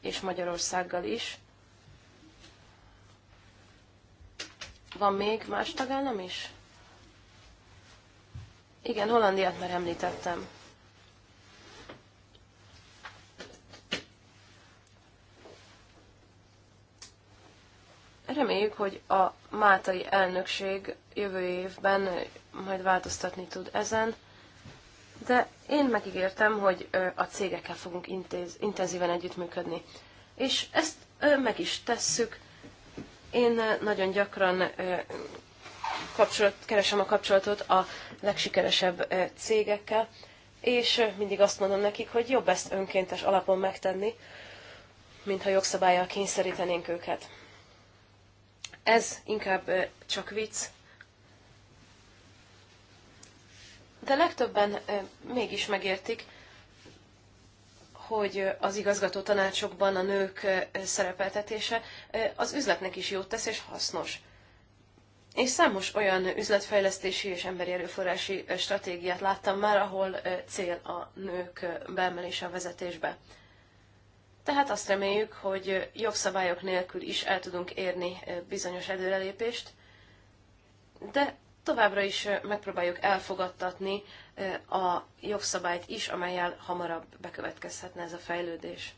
[SPEAKER 3] és Magyarországgal is. Van még más tagállam is? Igen, Hollandiát már említettem. Reméljük, hogy a Máltai elnökség jövő évben majd változtatni tud ezen, de én megígértem, hogy a cégekkel fogunk intéz, intenzíven együttműködni. És ezt meg is tesszük. Én nagyon gyakran kapcsolat, keresem a kapcsolatot a legsikeresebb cégekkel, és mindig azt mondom nekik, hogy jobb ezt önkéntes alapon megtenni, mintha jogszabályjal kényszerítenénk őket. Ez inkább csak vicc. De legtöbben mégis megértik, hogy az igazgató tanácsokban a nők szerepeltetése az üzletnek is jót tesz és hasznos. És számos olyan üzletfejlesztési és emberi erőforrási stratégiát láttam már, ahol cél a nők beemelése a vezetésbe. Tehát azt reméljük, hogy jogszabályok nélkül is el tudunk érni bizonyos előrelépést, de továbbra is megpróbáljuk elfogadtatni a jogszabályt is, amelyel hamarabb bekövetkezhetne ez a fejlődés.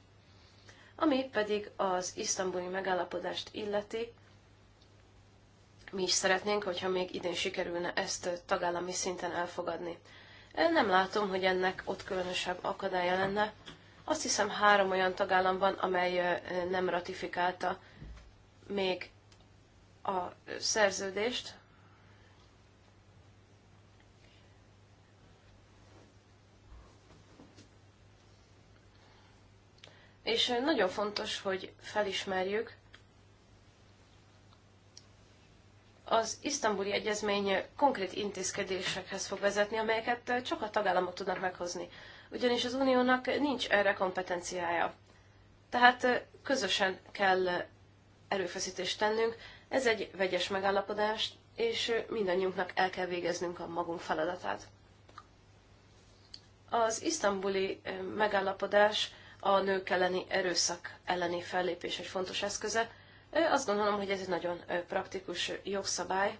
[SPEAKER 3] Ami pedig az isztambuli megállapodást illeti, mi is szeretnénk, hogyha még idén sikerülne ezt tagállami szinten elfogadni. Nem látom, hogy ennek ott különösebb akadálya lenne, azt hiszem három olyan tagállam van, amely nem ratifikálta még a szerződést. És nagyon fontos, hogy felismerjük, az isztambuli egyezmény konkrét intézkedésekhez fog vezetni, amelyeket csak a tagállamok tudnak meghozni ugyanis az uniónak nincs erre kompetenciája. Tehát közösen kell erőfeszítést tennünk, ez egy vegyes megállapodás, és mindannyiunknak el kell végeznünk a magunk feladatát. Az isztambuli megállapodás a nők elleni erőszak elleni fellépés egy fontos eszköze. Azt gondolom, hogy ez egy nagyon praktikus jogszabály,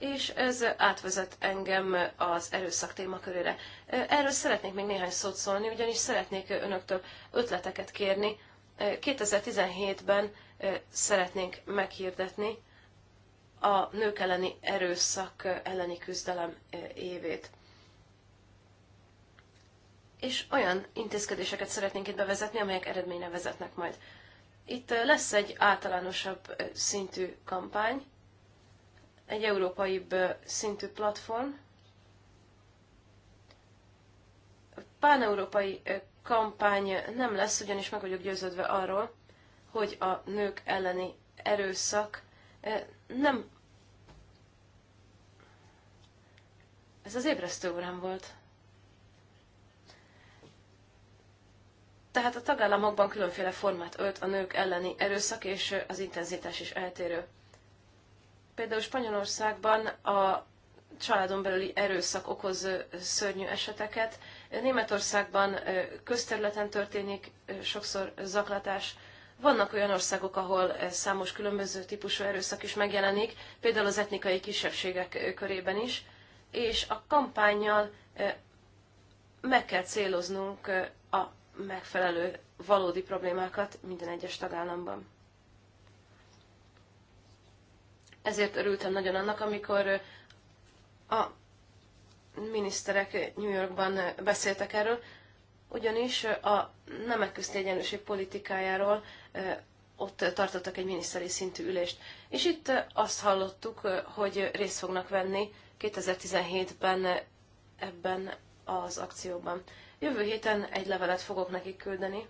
[SPEAKER 3] és ez átvezet engem az erőszak témakörére. Erről szeretnék még néhány szót szólni, ugyanis szeretnék önöktől ötleteket kérni. 2017-ben szeretnénk meghirdetni a nők elleni erőszak elleni küzdelem évét. És olyan intézkedéseket szeretnénk itt bevezetni, amelyek eredményre vezetnek majd. Itt lesz egy általánosabb szintű kampány, egy európai szintű platform, pán-európai kampány nem lesz, ugyanis meg vagyok győződve arról, hogy a nők elleni erőszak nem... Ez az ébresztő órám volt. Tehát a tagállamokban különféle formát ölt a nők elleni erőszak, és az intenzitás is eltérő. Például Spanyolországban a családon belüli erőszak okoz szörnyű eseteket. Németországban közterületen történik sokszor zaklatás. Vannak olyan országok, ahol számos különböző típusú erőszak is megjelenik, például az etnikai kisebbségek körében is, és a kampányjal meg kell céloznunk a megfelelő valódi problémákat minden egyes tagállamban ezért örültem nagyon annak, amikor a miniszterek New Yorkban beszéltek erről, ugyanis a nemek közti egyenlőség politikájáról ott tartottak egy miniszteri szintű ülést. És itt azt hallottuk, hogy részt fognak venni 2017-ben ebben az akcióban. Jövő héten egy levelet fogok nekik küldeni,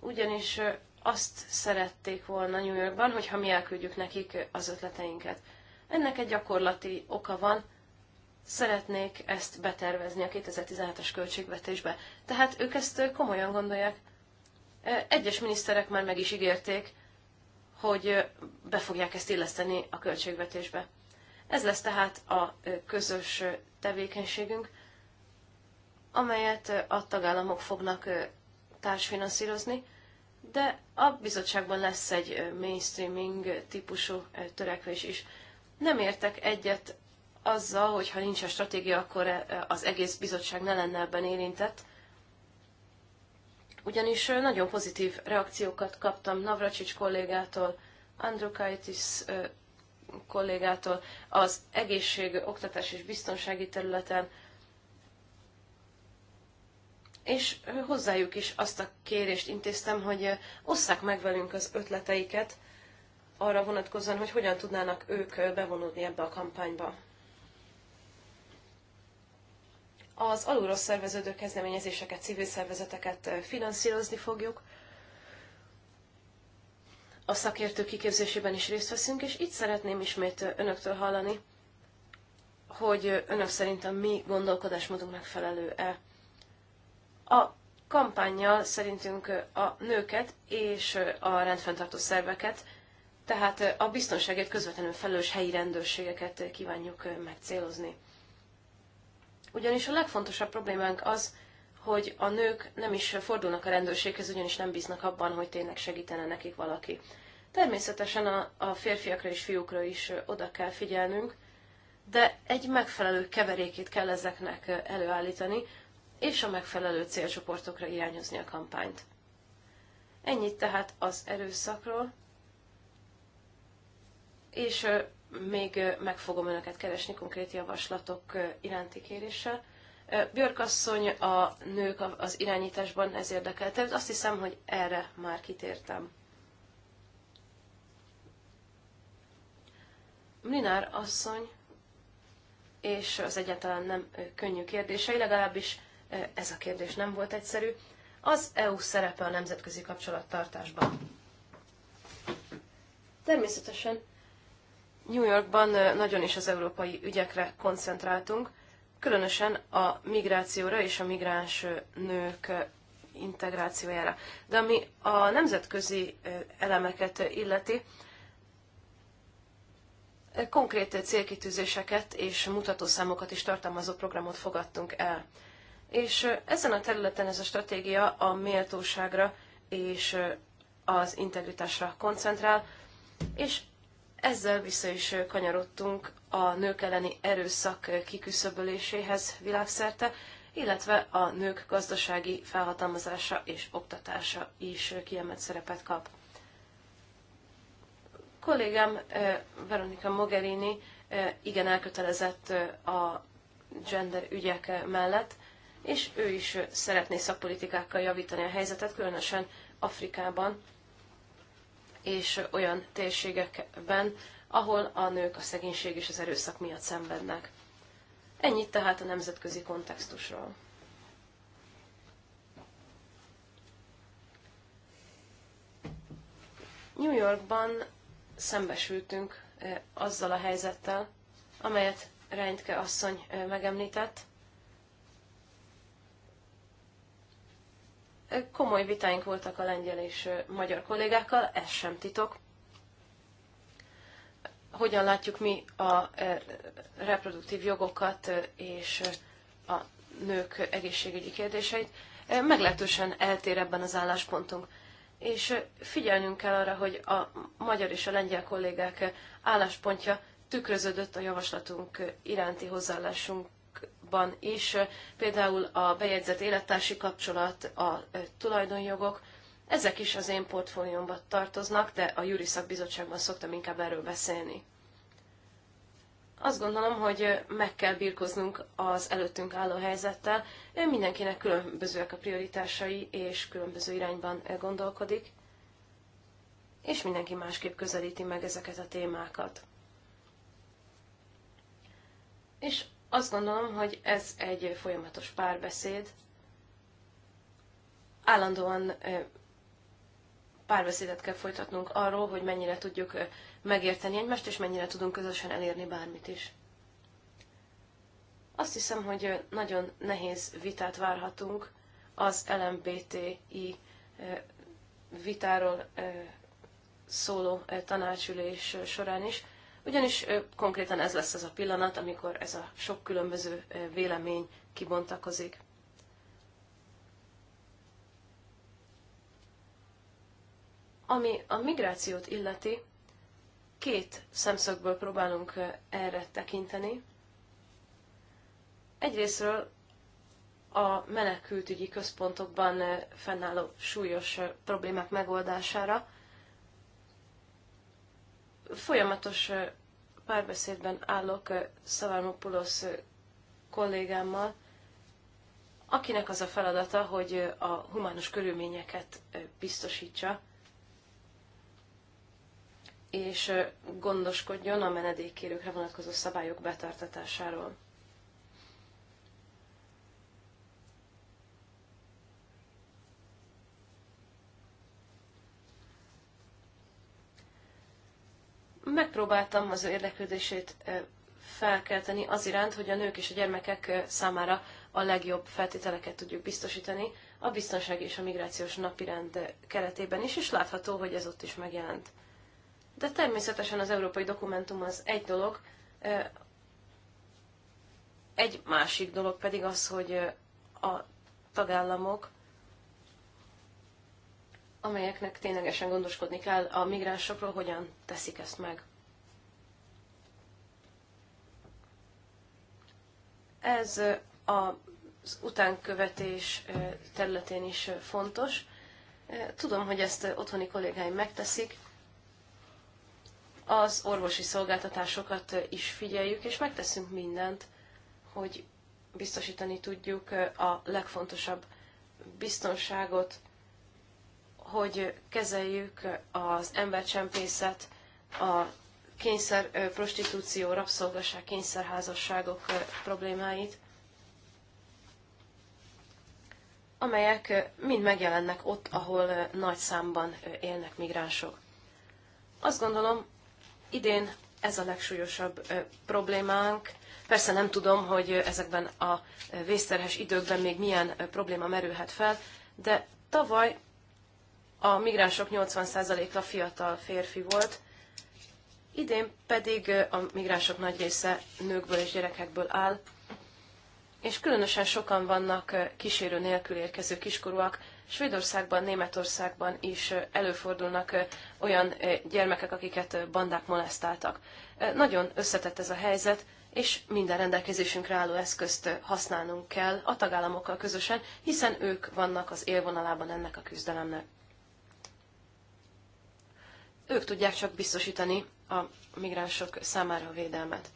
[SPEAKER 3] ugyanis azt szerették volna New Yorkban, hogyha mi elküldjük nekik az ötleteinket. Ennek egy gyakorlati oka van, szeretnék ezt betervezni a 2016-as költségvetésbe. Tehát ők ezt komolyan gondolják. Egyes miniszterek már meg is ígérték, hogy be fogják ezt illeszteni a költségvetésbe. Ez lesz tehát a közös tevékenységünk, amelyet a tagállamok fognak társfinanszírozni, de a bizottságban lesz egy mainstreaming típusú törekvés is. Nem értek egyet azzal, hogy ha nincs a stratégia, akkor az egész bizottság ne lenne ebben érintett. Ugyanis nagyon pozitív reakciókat kaptam Navracsics kollégától, Andrukaitis kollégától, az egészség, oktatás és biztonsági területen, és hozzájuk is azt a kérést intéztem, hogy osszák meg velünk az ötleteiket arra vonatkozóan, hogy hogyan tudnának ők bevonódni ebbe a kampányba. Az alulról szerveződő kezdeményezéseket, civil szervezeteket finanszírozni fogjuk, a szakértő kiképzésében is részt veszünk, és itt szeretném ismét önöktől hallani, hogy önök szerint a mi gondolkodásmódunk megfelelő-e a kampányjal szerintünk a nőket és a rendfenntartó szerveket, tehát a biztonságért közvetlenül felelős helyi rendőrségeket kívánjuk megcélozni. Ugyanis a legfontosabb problémánk az, hogy a nők nem is fordulnak a rendőrséghez, ugyanis nem bíznak abban, hogy tényleg segítene nekik valaki. Természetesen a, a férfiakra és fiúkra is oda kell figyelnünk, de egy megfelelő keverékét kell ezeknek előállítani, és a megfelelő célcsoportokra irányozni a kampányt. Ennyit tehát az erőszakról, és még meg fogom önöket keresni konkrét javaslatok iránti kéréssel. Björk asszony a nők az irányításban ez érdekelte, azt hiszem, hogy erre már kitértem. Mlinár asszony és az egyáltalán nem könnyű kérdései, legalábbis ez a kérdés nem volt egyszerű. Az EU szerepe a nemzetközi kapcsolattartásban. Természetesen New Yorkban nagyon is az európai ügyekre koncentráltunk, különösen a migrációra és a migráns nők integrációjára. De ami a nemzetközi elemeket illeti, konkrét célkitűzéseket és mutatószámokat is tartalmazó programot fogadtunk el és ezen a területen ez a stratégia a méltóságra és az integritásra koncentrál, és ezzel vissza is kanyarodtunk a nők elleni erőszak kiküszöböléséhez világszerte, illetve a nők gazdasági felhatalmazása és oktatása is kiemelt szerepet kap. Kollégám Veronika Mogherini igen elkötelezett a gender ügyek mellett, és ő is szeretné szakpolitikákkal javítani a helyzetet, különösen Afrikában és olyan térségekben, ahol a nők a szegénység és az erőszak miatt szenvednek. Ennyit tehát a nemzetközi kontextusról. New Yorkban szembesültünk eh, azzal a helyzettel, amelyet Reintke asszony eh, megemlített, komoly vitáink voltak a lengyel és magyar kollégákkal, ez sem titok. Hogyan látjuk mi a reproduktív jogokat és a nők egészségügyi kérdéseit? Meglehetősen eltér ebben az álláspontunk. És figyelnünk kell arra, hogy a magyar és a lengyel kollégák álláspontja tükröződött a javaslatunk iránti hozzáállásunk jogban is, például a bejegyzett élettársi kapcsolat, a tulajdonjogok, ezek is az én portfóliómban tartoznak, de a júri szakbizottságban szoktam inkább erről beszélni. Azt gondolom, hogy meg kell birkoznunk az előttünk álló helyzettel. Mindenkinek különbözőek a prioritásai, és különböző irányban gondolkodik, és mindenki másképp közelíti meg ezeket a témákat. És azt gondolom, hogy ez egy folyamatos párbeszéd. Állandóan párbeszédet kell folytatnunk arról, hogy mennyire tudjuk megérteni egymást, és mennyire tudunk közösen elérni bármit is. Azt hiszem, hogy nagyon nehéz vitát várhatunk az LMBTI vitáról szóló tanácsülés során is, ugyanis konkrétan ez lesz az a pillanat, amikor ez a sok különböző vélemény kibontakozik. Ami a migrációt illeti, két szemszögből próbálunk erre tekinteni. Egyrésztről a menekültügyi központokban fennálló súlyos problémák megoldására, folyamatos párbeszédben állok Szavarmopulosz kollégámmal, akinek az a feladata, hogy a humánus körülményeket biztosítsa, és gondoskodjon a menedékkérőkre vonatkozó szabályok betartatásáról. megpróbáltam az ő érdeklődését felkelteni az iránt, hogy a nők és a gyermekek számára a legjobb feltételeket tudjuk biztosítani a biztonság és a migrációs napirend keretében is, és látható, hogy ez ott is megjelent. De természetesen az európai dokumentum az egy dolog, egy másik dolog pedig az, hogy a tagállamok amelyeknek ténylegesen gondoskodni kell a migránsokról, hogyan teszik ezt meg. Ez az utánkövetés területén is fontos. Tudom, hogy ezt otthoni kollégáim megteszik. Az orvosi szolgáltatásokat is figyeljük, és megteszünk mindent, hogy biztosítani tudjuk a legfontosabb biztonságot, hogy kezeljük az embercsempészet, a kényszer prostitúció, rabszolgaság, kényszerházasságok problémáit, amelyek mind megjelennek ott, ahol nagy számban élnek migránsok. Azt gondolom, idén ez a legsúlyosabb problémánk. Persze nem tudom, hogy ezekben a vészterhes időkben még milyen probléma merülhet fel, de tavaly a migránsok 80%-a fiatal férfi volt, idén pedig a migránsok nagy része nőkből és gyerekekből áll, és különösen sokan vannak kísérő nélkül érkező kiskorúak. Svédországban, Németországban is előfordulnak olyan gyermekek, akiket bandák molesztáltak. Nagyon összetett ez a helyzet, és minden rendelkezésünkre álló eszközt használnunk kell a tagállamokkal közösen, hiszen ők vannak az élvonalában ennek a küzdelemnek ők tudják csak biztosítani a migránsok számára a védelmet.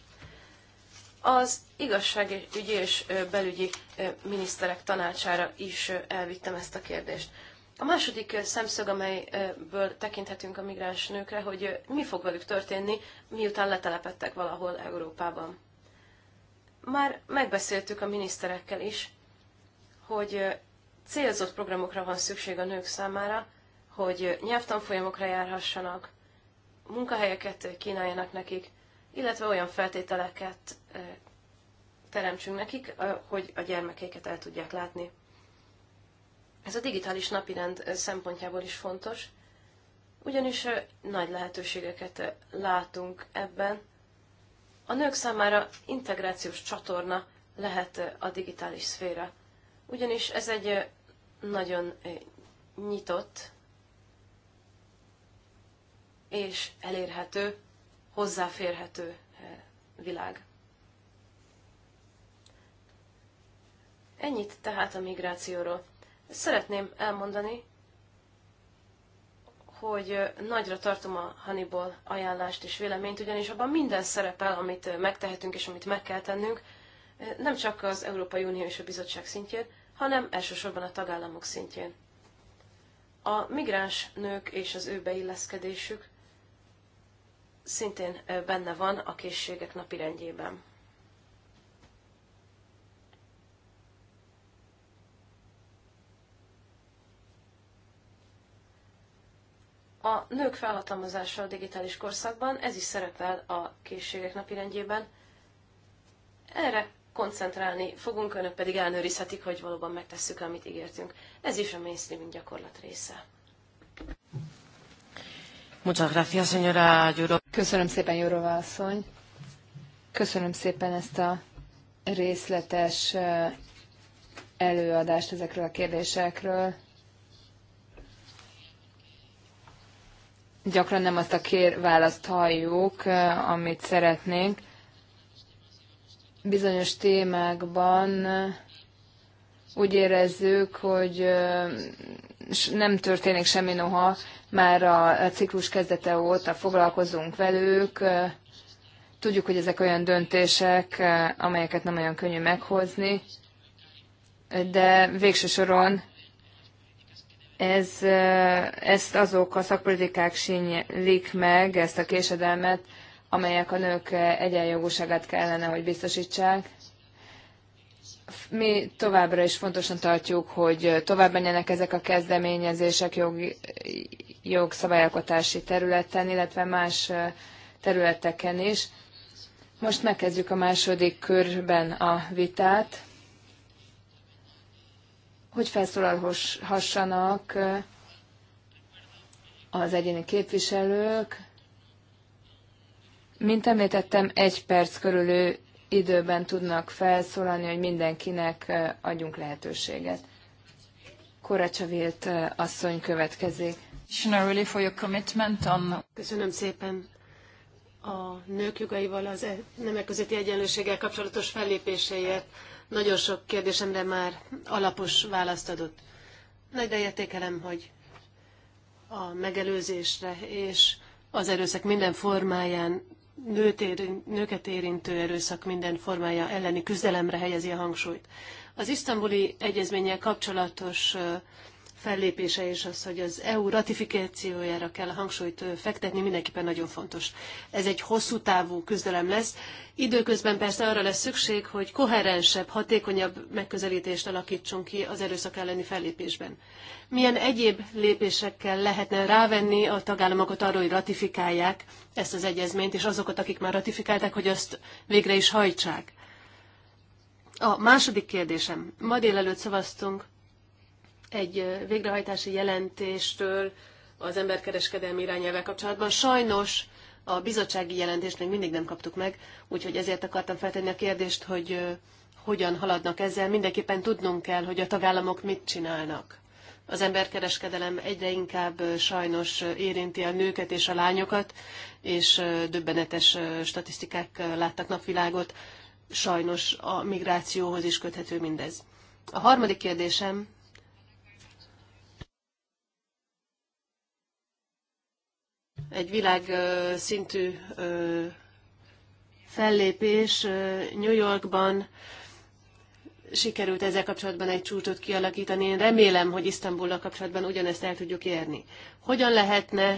[SPEAKER 3] Az igazságügyi és belügyi miniszterek tanácsára is elvittem ezt a kérdést. A második szemszög, amelyből tekinthetünk a migráns nőkre, hogy mi fog velük történni, miután letelepettek valahol Európában. Már megbeszéltük a miniszterekkel is, hogy célzott programokra van szükség a nők számára, hogy nyelvtanfolyamokra járhassanak, munkahelyeket kínáljanak nekik, illetve olyan feltételeket teremtsünk nekik, hogy a gyermekeiket el tudják látni. Ez a digitális napirend szempontjából is fontos, ugyanis nagy lehetőségeket látunk ebben. A nők számára integrációs csatorna lehet a digitális szféra, ugyanis ez egy nagyon nyitott és elérhető, hozzáférhető eh, világ. Ennyit tehát a migrációról. Szeretném elmondani, hogy eh, nagyra tartom a Hannibal ajánlást és véleményt, ugyanis abban minden szerepel, amit eh, megtehetünk és amit meg kell tennünk, nem csak az Európai Unió és a Bizottság szintjén, hanem elsősorban a tagállamok szintjén. A migráns nők és az ő beilleszkedésük szintén benne van a készségek napirendjében. A nők felhatalmazása a digitális korszakban, ez is szerepel a készségek napirendjében. Erre koncentrálni fogunk, önök pedig elnőrizhetik, hogy valóban megtesszük, amit ígértünk. Ez is a mainstreaming gyakorlat része.
[SPEAKER 2] Muchas gracias, señora Juro. Köszönöm szépen, Jurova asszony. Köszönöm szépen ezt a részletes előadást ezekről a kérdésekről. Gyakran nem azt a kér választ halljuk, amit szeretnénk. Bizonyos témákban úgy érezzük, hogy nem történik semmi, noha már a ciklus kezdete óta foglalkozunk velük. Tudjuk, hogy ezek olyan döntések, amelyeket nem olyan könnyű meghozni, de végső soron ez, ezt azok a szakpolitikák sínlik meg, ezt a késedelmet, amelyek a nők egyenjogúságát kellene, hogy biztosítsák mi továbbra is fontosan tartjuk, hogy tovább menjenek ezek a kezdeményezések jog, jogszabályalkotási területen, illetve más területeken is. Most megkezdjük a második körben a vitát, hogy felszólalhassanak az egyéni képviselők. Mint említettem, egy perc körülő időben tudnak felszólalni, hogy mindenkinek adjunk lehetőséget. Koracsavilt asszony következik.
[SPEAKER 3] Köszönöm szépen a nők jogaival, az e- nemek közötti egyenlőséggel kapcsolatos fellépéséért. Nagyon sok kérdésemre már alapos választ adott. Nagyra értékelem, hogy a megelőzésre és az erőszak minden formáján nőt érint, nőket érintő erőszak minden formája elleni küzdelemre helyezi a hangsúlyt. Az isztambuli egyezménnyel kapcsolatos fellépése és az, hogy az EU ratifikációjára kell a hangsúlyt fektetni, mindenképpen nagyon fontos. Ez egy hosszú távú küzdelem lesz. Időközben persze arra lesz szükség, hogy koherensebb, hatékonyabb megközelítést alakítsunk ki az erőszak elleni fellépésben. Milyen egyéb lépésekkel lehetne rávenni a tagállamokat arról, hogy ratifikálják ezt az egyezményt, és azokat, akik már ratifikálták, hogy azt végre is hajtsák? A második kérdésem. Ma délelőtt szavaztunk egy végrehajtási jelentéstől az emberkereskedelmi irányelvvel kapcsolatban. Sajnos a bizottsági jelentést még mindig nem kaptuk meg, úgyhogy ezért akartam feltenni a kérdést, hogy hogyan haladnak ezzel. Mindenképpen tudnunk kell, hogy a tagállamok mit csinálnak. Az emberkereskedelem egyre inkább sajnos érinti a nőket és a lányokat, és döbbenetes statisztikák láttak napvilágot. Sajnos a migrációhoz is köthető mindez. A harmadik kérdésem egy világszintű fellépés New Yorkban sikerült ezzel kapcsolatban egy csúcsot kialakítani. Én remélem, hogy Isztambullal kapcsolatban ugyanezt el tudjuk érni. Hogyan lehetne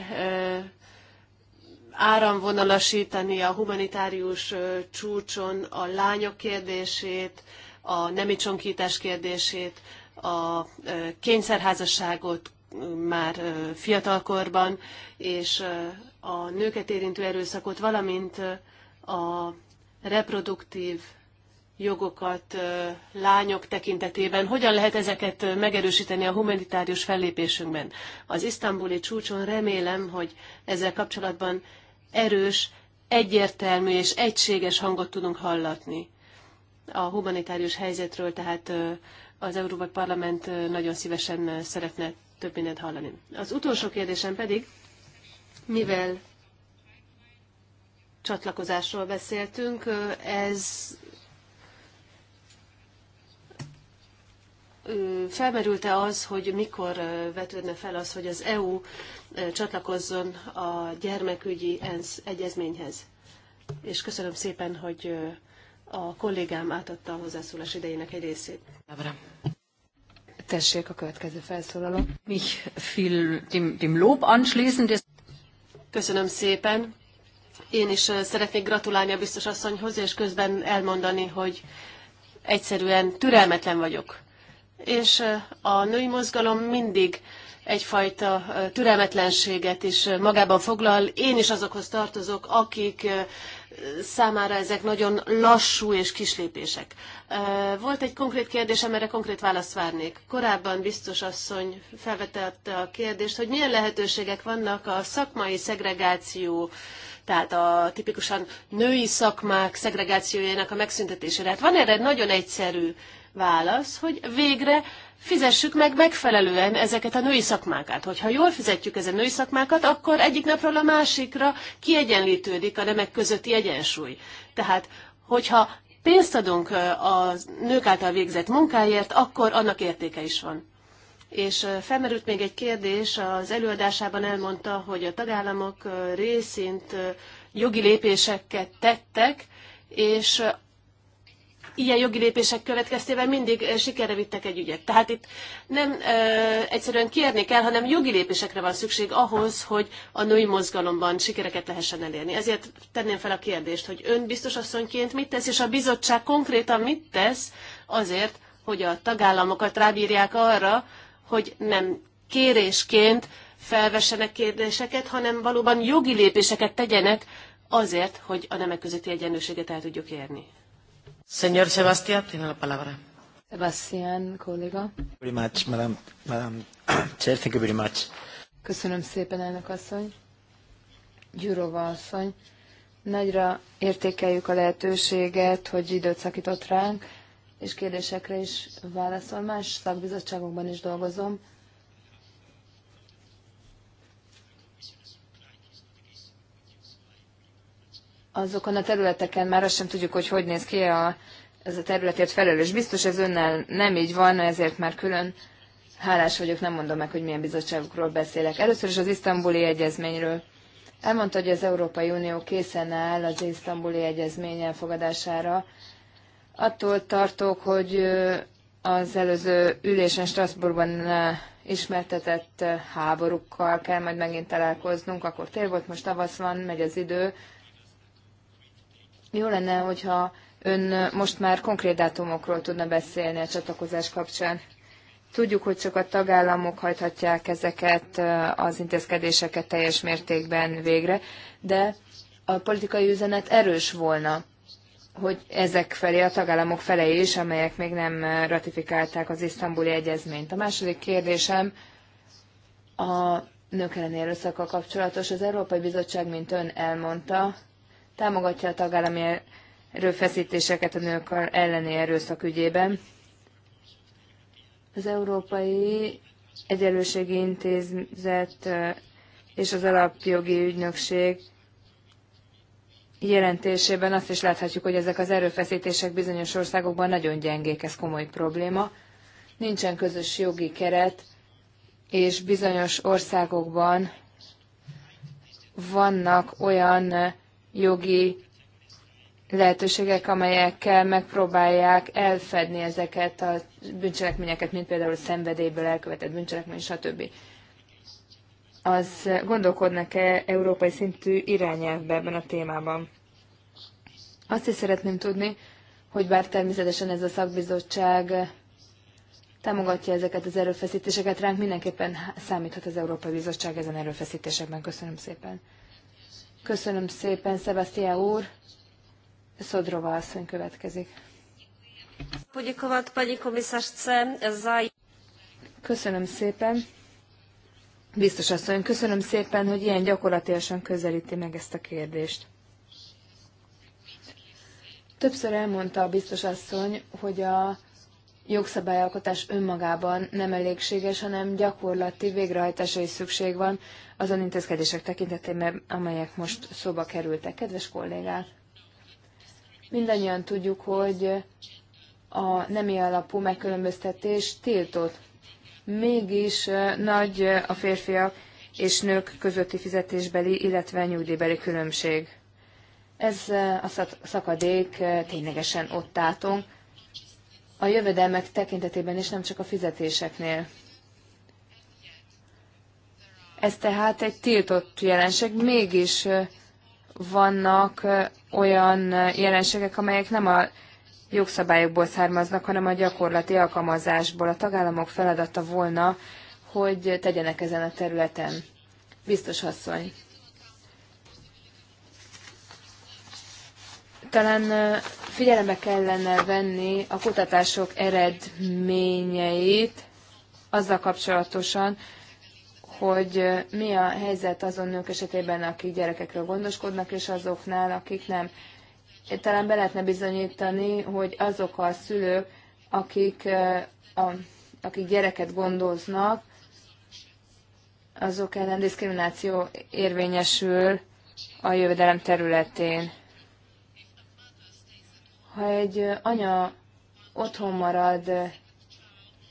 [SPEAKER 3] áramvonalasítani a humanitárius csúcson a lányok kérdését, a nemi csonkítás kérdését, a kényszerházasságot, már fiatalkorban, és a nőket érintő erőszakot, valamint a reproduktív jogokat lányok tekintetében, hogyan lehet ezeket megerősíteni a humanitárius fellépésünkben. Az isztambuli csúcson remélem, hogy ezzel kapcsolatban erős, egyértelmű és egységes hangot tudunk hallatni a humanitárius helyzetről, tehát az Európai Parlament nagyon szívesen szeretne több mindent hallani. Az utolsó kérdésem pedig, mivel csatlakozásról beszéltünk, ez felmerült-e az, hogy mikor vetődne fel az, hogy az EU csatlakozzon a gyermekügyi ENSZ egyezményhez? És köszönöm szépen, hogy a kollégám átadta a hozzászólás idejének egy részét.
[SPEAKER 2] Ábra. Tessék a következő felszólaló. Mich viel dem, dem Lob anschließend.
[SPEAKER 3] Köszönöm szépen. Én is eh, szeretnék gratulálni a biztos asszonyhoz, és közben elmondani, hogy egyszerűen türelmetlen vagyok. És eh, a női mozgalom mindig egyfajta eh, türelmetlenséget is magában foglal. Én is azokhoz tartozok, akik számára ezek nagyon lassú és kislépések. Volt egy konkrét kérdésem, erre konkrét választ várnék. Korábban biztos asszony felvetette a kérdést, hogy milyen lehetőségek vannak a szakmai szegregáció, tehát a tipikusan női szakmák szegregációjának a megszüntetésére. Hát van erre egy nagyon egyszerű válasz, hogy végre fizessük meg megfelelően ezeket a női szakmákat. Hogyha jól fizetjük ezen női szakmákat, akkor egyik napról a másikra kiegyenlítődik a nemek közötti egyensúly. Tehát, hogyha pénzt adunk a nők által végzett munkáért, akkor annak értéke is van. És felmerült még egy kérdés, az előadásában elmondta, hogy a tagállamok részint jogi lépéseket tettek, és ilyen jogi lépések következtében mindig eh, sikerre vittek egy ügyet. Tehát itt nem ö, eh, egyszerűen kérni kell, hanem jogi lépésekre van szükség ahhoz, hogy a női mozgalomban sikereket lehessen elérni. Ezért tenném fel a kérdést, hogy ön biztos asszonyként mit tesz, és a bizottság konkrétan mit tesz azért, hogy a tagállamokat rábírják arra, hogy nem kérésként felvessenek kérdéseket, hanem valóban jogi lépéseket tegyenek azért, hogy a nemek közötti egyenlőséget el tudjuk érni.
[SPEAKER 1] Señor Sebastián, tiene la palabra.
[SPEAKER 2] Sebastián kolléga.
[SPEAKER 1] Very much, madam,
[SPEAKER 3] madam chair, thank you very much.
[SPEAKER 2] Köszönöm szépen, elnök asszony. Gyurova asszony. Nagyra értékeljük a lehetőséget, hogy időt szakított ránk, és kérdésekre is válaszol. Más szakbizottságokban is dolgozom. azokon a területeken már azt sem tudjuk, hogy hogy néz ki a, ez a területért felelős. Biztos ez önnel nem így van, ezért már külön hálás vagyok, nem mondom meg, hogy milyen bizottságokról beszélek. Először is az isztambuli egyezményről. Elmondta, hogy az Európai Unió készen áll az isztambuli egyezmény elfogadására. Attól tartok, hogy az előző ülésen Strasbourgban ismertetett háborúkkal kell majd megint találkoznunk, akkor tél volt, most tavasz van, megy az idő, jó lenne, hogyha ön most már konkrét dátumokról tudna beszélni a csatlakozás kapcsán. Tudjuk, hogy csak a tagállamok hajthatják ezeket az intézkedéseket teljes mértékben végre, de a politikai üzenet erős volna, hogy ezek felé, a tagállamok felé is, amelyek még nem ratifikálták az isztambuli egyezményt. A második kérdésem a nők elleni erőszakkal kapcsolatos. Az Európai Bizottság, mint ön elmondta, támogatja a tagállami erőfeszítéseket a nők elleni erőszak ügyében. Az Európai Egyenlőségi Intézet és az Alapjogi Ügynökség jelentésében azt is láthatjuk, hogy ezek az erőfeszítések bizonyos országokban nagyon gyengék, ez komoly probléma. Nincsen közös jogi keret, és bizonyos országokban vannak olyan jogi lehetőségek, amelyekkel megpróbálják elfedni ezeket a bűncselekményeket, mint például szenvedélyből elkövetett bűncselekmény, stb. Az gondolkodnak-e európai szintű irányelvbe ebben a témában? Azt is szeretném tudni, hogy bár természetesen ez a szakbizottság támogatja ezeket az erőfeszítéseket, ránk mindenképpen számíthat az Európai Bizottság ezen erőfeszítésekben. Köszönöm szépen. Köszönöm szépen, Sebastián úr. Szodrova asszony következik. Köszönöm szépen. Biztos asszony, köszönöm szépen, hogy ilyen gyakorlatilag közelíti meg ezt a kérdést. Többször elmondta a biztos asszony, hogy a jogszabályalkotás önmagában nem elégséges, hanem gyakorlati végrehajtásra is szükség van azon intézkedések tekintetében, amelyek most szóba kerültek. Kedves kollégák! Mindannyian tudjuk, hogy a nemi alapú megkülönböztetés tiltott. Mégis nagy a férfiak és nők közötti fizetésbeli, illetve nyugdíjbeli különbség. Ez a szakadék ténylegesen ott álltunk a jövedelmek tekintetében is, nem csak a fizetéseknél. Ez tehát egy tiltott jelenség, mégis vannak olyan jelenségek, amelyek nem a jogszabályokból származnak, hanem a gyakorlati alkalmazásból. A tagállamok feladata volna, hogy tegyenek ezen a területen. Biztos asszony. Talán figyelembe kellene venni a kutatások eredményeit azzal kapcsolatosan, hogy mi a helyzet azon nők esetében, akik gyerekekről gondoskodnak, és azoknál, akik nem. Talán be lehetne bizonyítani, hogy azok a szülők, akik, a, akik gyereket gondoznak, azok ellen diszkrimináció érvényesül a jövedelem területén. Ha egy anya otthon marad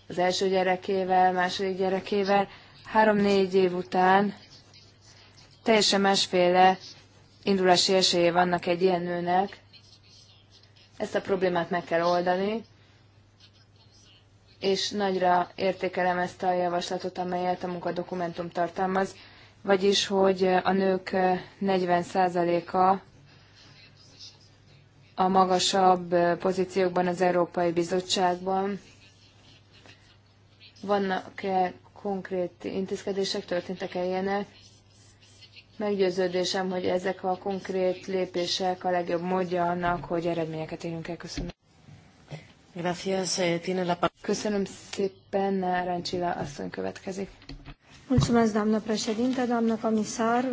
[SPEAKER 2] az első gyerekével, második gyerekével, három-négy év után teljesen másféle indulási esélye vannak egy ilyen nőnek. Ezt a problémát meg kell oldani, és nagyra értékelem ezt a javaslatot, amelyet a munkadokumentum tartalmaz, vagyis, hogy a nők 40%-a a magasabb pozíciókban az Európai Bizottságban. Vannak-e konkrét intézkedések, történtek-e ilyenek? Meggyőződésem, hogy ezek a konkrét lépések a legjobb módja annak, hogy eredményeket érjünk el. Köszönöm. Eh, Köszönöm szépen, Ráncsila asszony következik. Köszönöm, doamnă președinte, doamnă comisar.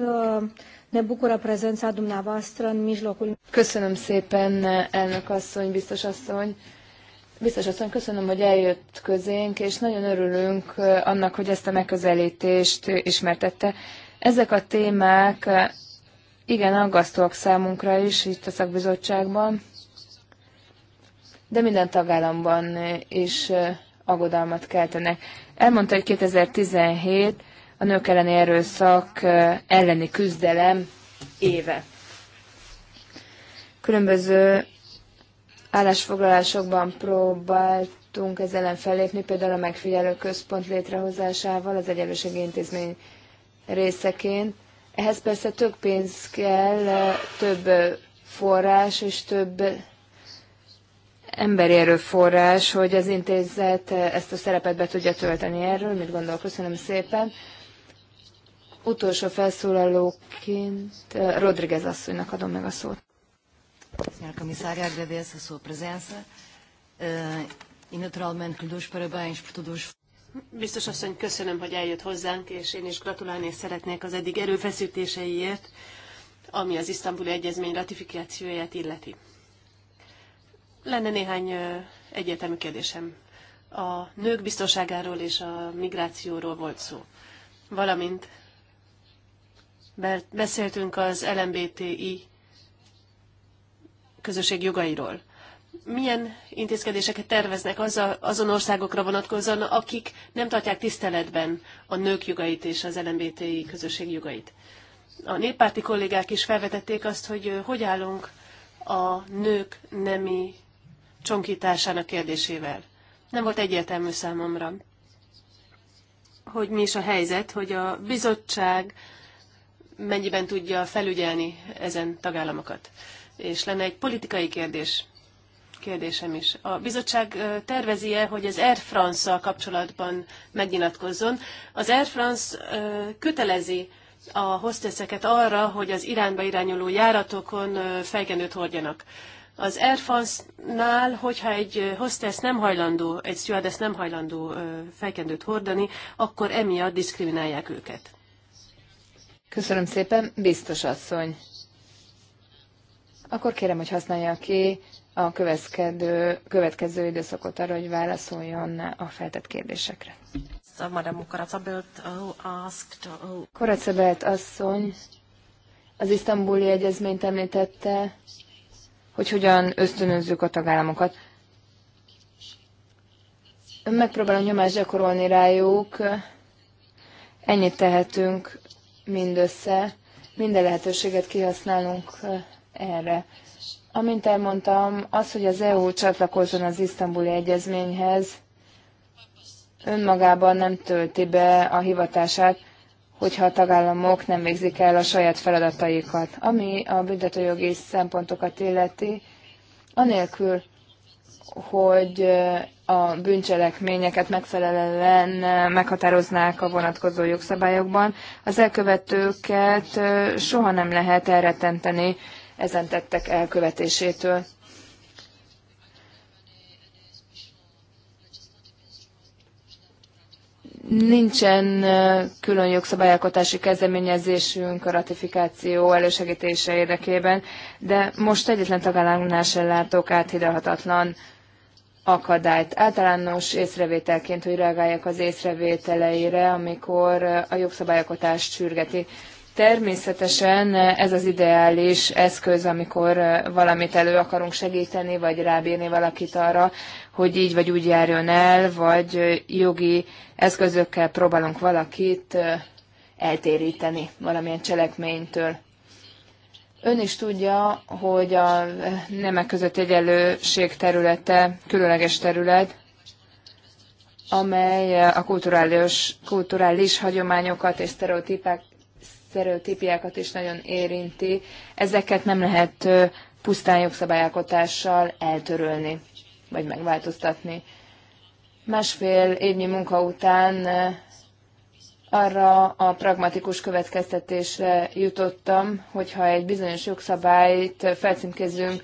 [SPEAKER 2] Ne bucură prezența dumneavoastră în mijlocul... Köszönöm szépen, elnök asszony, biztos asszony. Biztos asszony, köszönöm, hogy eljött közénk, és nagyon örülünk annak, hogy ezt a megközelítést ismertette. Ezek a témák igen aggasztóak számunkra is itt a szakbizottságban, de minden tagállamban is aggodalmat keltenek. Elmondta, hogy 2017 a nők elleni erőszak elleni küzdelem éve. Különböző állásfoglalásokban próbáltunk ezzel ellen fellépni, például a megfigyelő központ létrehozásával az Egyenlőségi Intézmény részeként. Ehhez persze több pénz kell, több forrás és több emberi erőforrás, hogy az intézet ezt a szerepet be tudja tölteni erről, mit gondol, köszönöm szépen. Utolsó felszólalóként eh, Rodriguez asszonynak adom meg a szót.
[SPEAKER 3] Senhora Comissária, agradeço a sua presença eh, e naturalmente lhe dou os parabéns por todos os... Biztos asszony, köszönöm, hogy eljött hozzánk, és én is gratulálni szeretnék az eddig erőfeszítéseiért, ami az isztambuli egyezmény ratifikációját illeti. Lenne néhány egyértelmű kérdésem. A nők biztonságáról és a migrációról volt szó, valamint mert beszéltünk az LMBTI közösség jogairól. Milyen intézkedéseket terveznek az a, azon országokra vonatkozóan, akik nem tartják tiszteletben a nők jogait és az LMBTI közösség jogait? A néppárti kollégák is felvetették azt, hogy hogy állunk a nők nemi csonkításának kérdésével. Nem volt egyértelmű számomra, hogy mi is a helyzet, hogy a bizottság mennyiben tudja felügyelni ezen tagállamokat. És lenne egy politikai kérdés, kérdésem is. A bizottság tervezi-e, hogy az Air france kapcsolatban megnyilatkozzon? Az Air France kötelezi a hosteszeket arra, hogy az Iránba irányuló járatokon fejkenőt hordjanak. Az Air France-nál, hogyha egy hostess nem hajlandó, egy stewardess nem hajlandó fejkendőt hordani, akkor emiatt diszkriminálják őket.
[SPEAKER 2] Köszönöm szépen, biztos asszony. Akkor kérem, hogy használja ki a következő, következő időszakot arra, hogy válaszoljon a feltett kérdésekre. Koracabelt asszony az isztambuli egyezményt említette, hogy hogyan ösztönözzük a tagállamokat. Megpróbálom nyomást gyakorolni rájuk, ennyit tehetünk mindössze minden lehetőséget kihasználunk erre. Amint elmondtam, az, hogy az EU csatlakozzon az isztambuli egyezményhez, önmagában nem tölti be a hivatását, hogyha a tagállamok nem végzik el a saját feladataikat. Ami a büntetőjogi szempontokat illeti, anélkül, hogy a bűncselekményeket megfelelően meghatároznák a vonatkozó jogszabályokban. Az elkövetőket soha nem lehet elrettenteni ezen tettek elkövetésétől. Nincsen külön jogszabályalkotási kezdeményezésünk a ratifikáció elősegítése érdekében, de most egyetlen tagállamnál sem látok áthidalhatatlan akadályt. Általános észrevételként, hogy reagálják az észrevételeire, amikor a jogszabályokatást sürgeti. Természetesen ez az ideális eszköz, amikor valamit elő akarunk segíteni, vagy rábírni valakit arra, hogy így vagy úgy járjon el, vagy jogi eszközökkel próbálunk valakit eltéríteni valamilyen cselekménytől. Ön is tudja, hogy a nemek között egyenlőség területe különleges terület, amely a kulturális, kulturális hagyományokat és sztereotípiákat is nagyon érinti. Ezeket nem lehet pusztán jogszabályalkotással eltörölni, vagy megváltoztatni. Másfél évnyi munka után arra a pragmatikus következtetésre jutottam, hogyha egy bizonyos jogszabályt felcímkézünk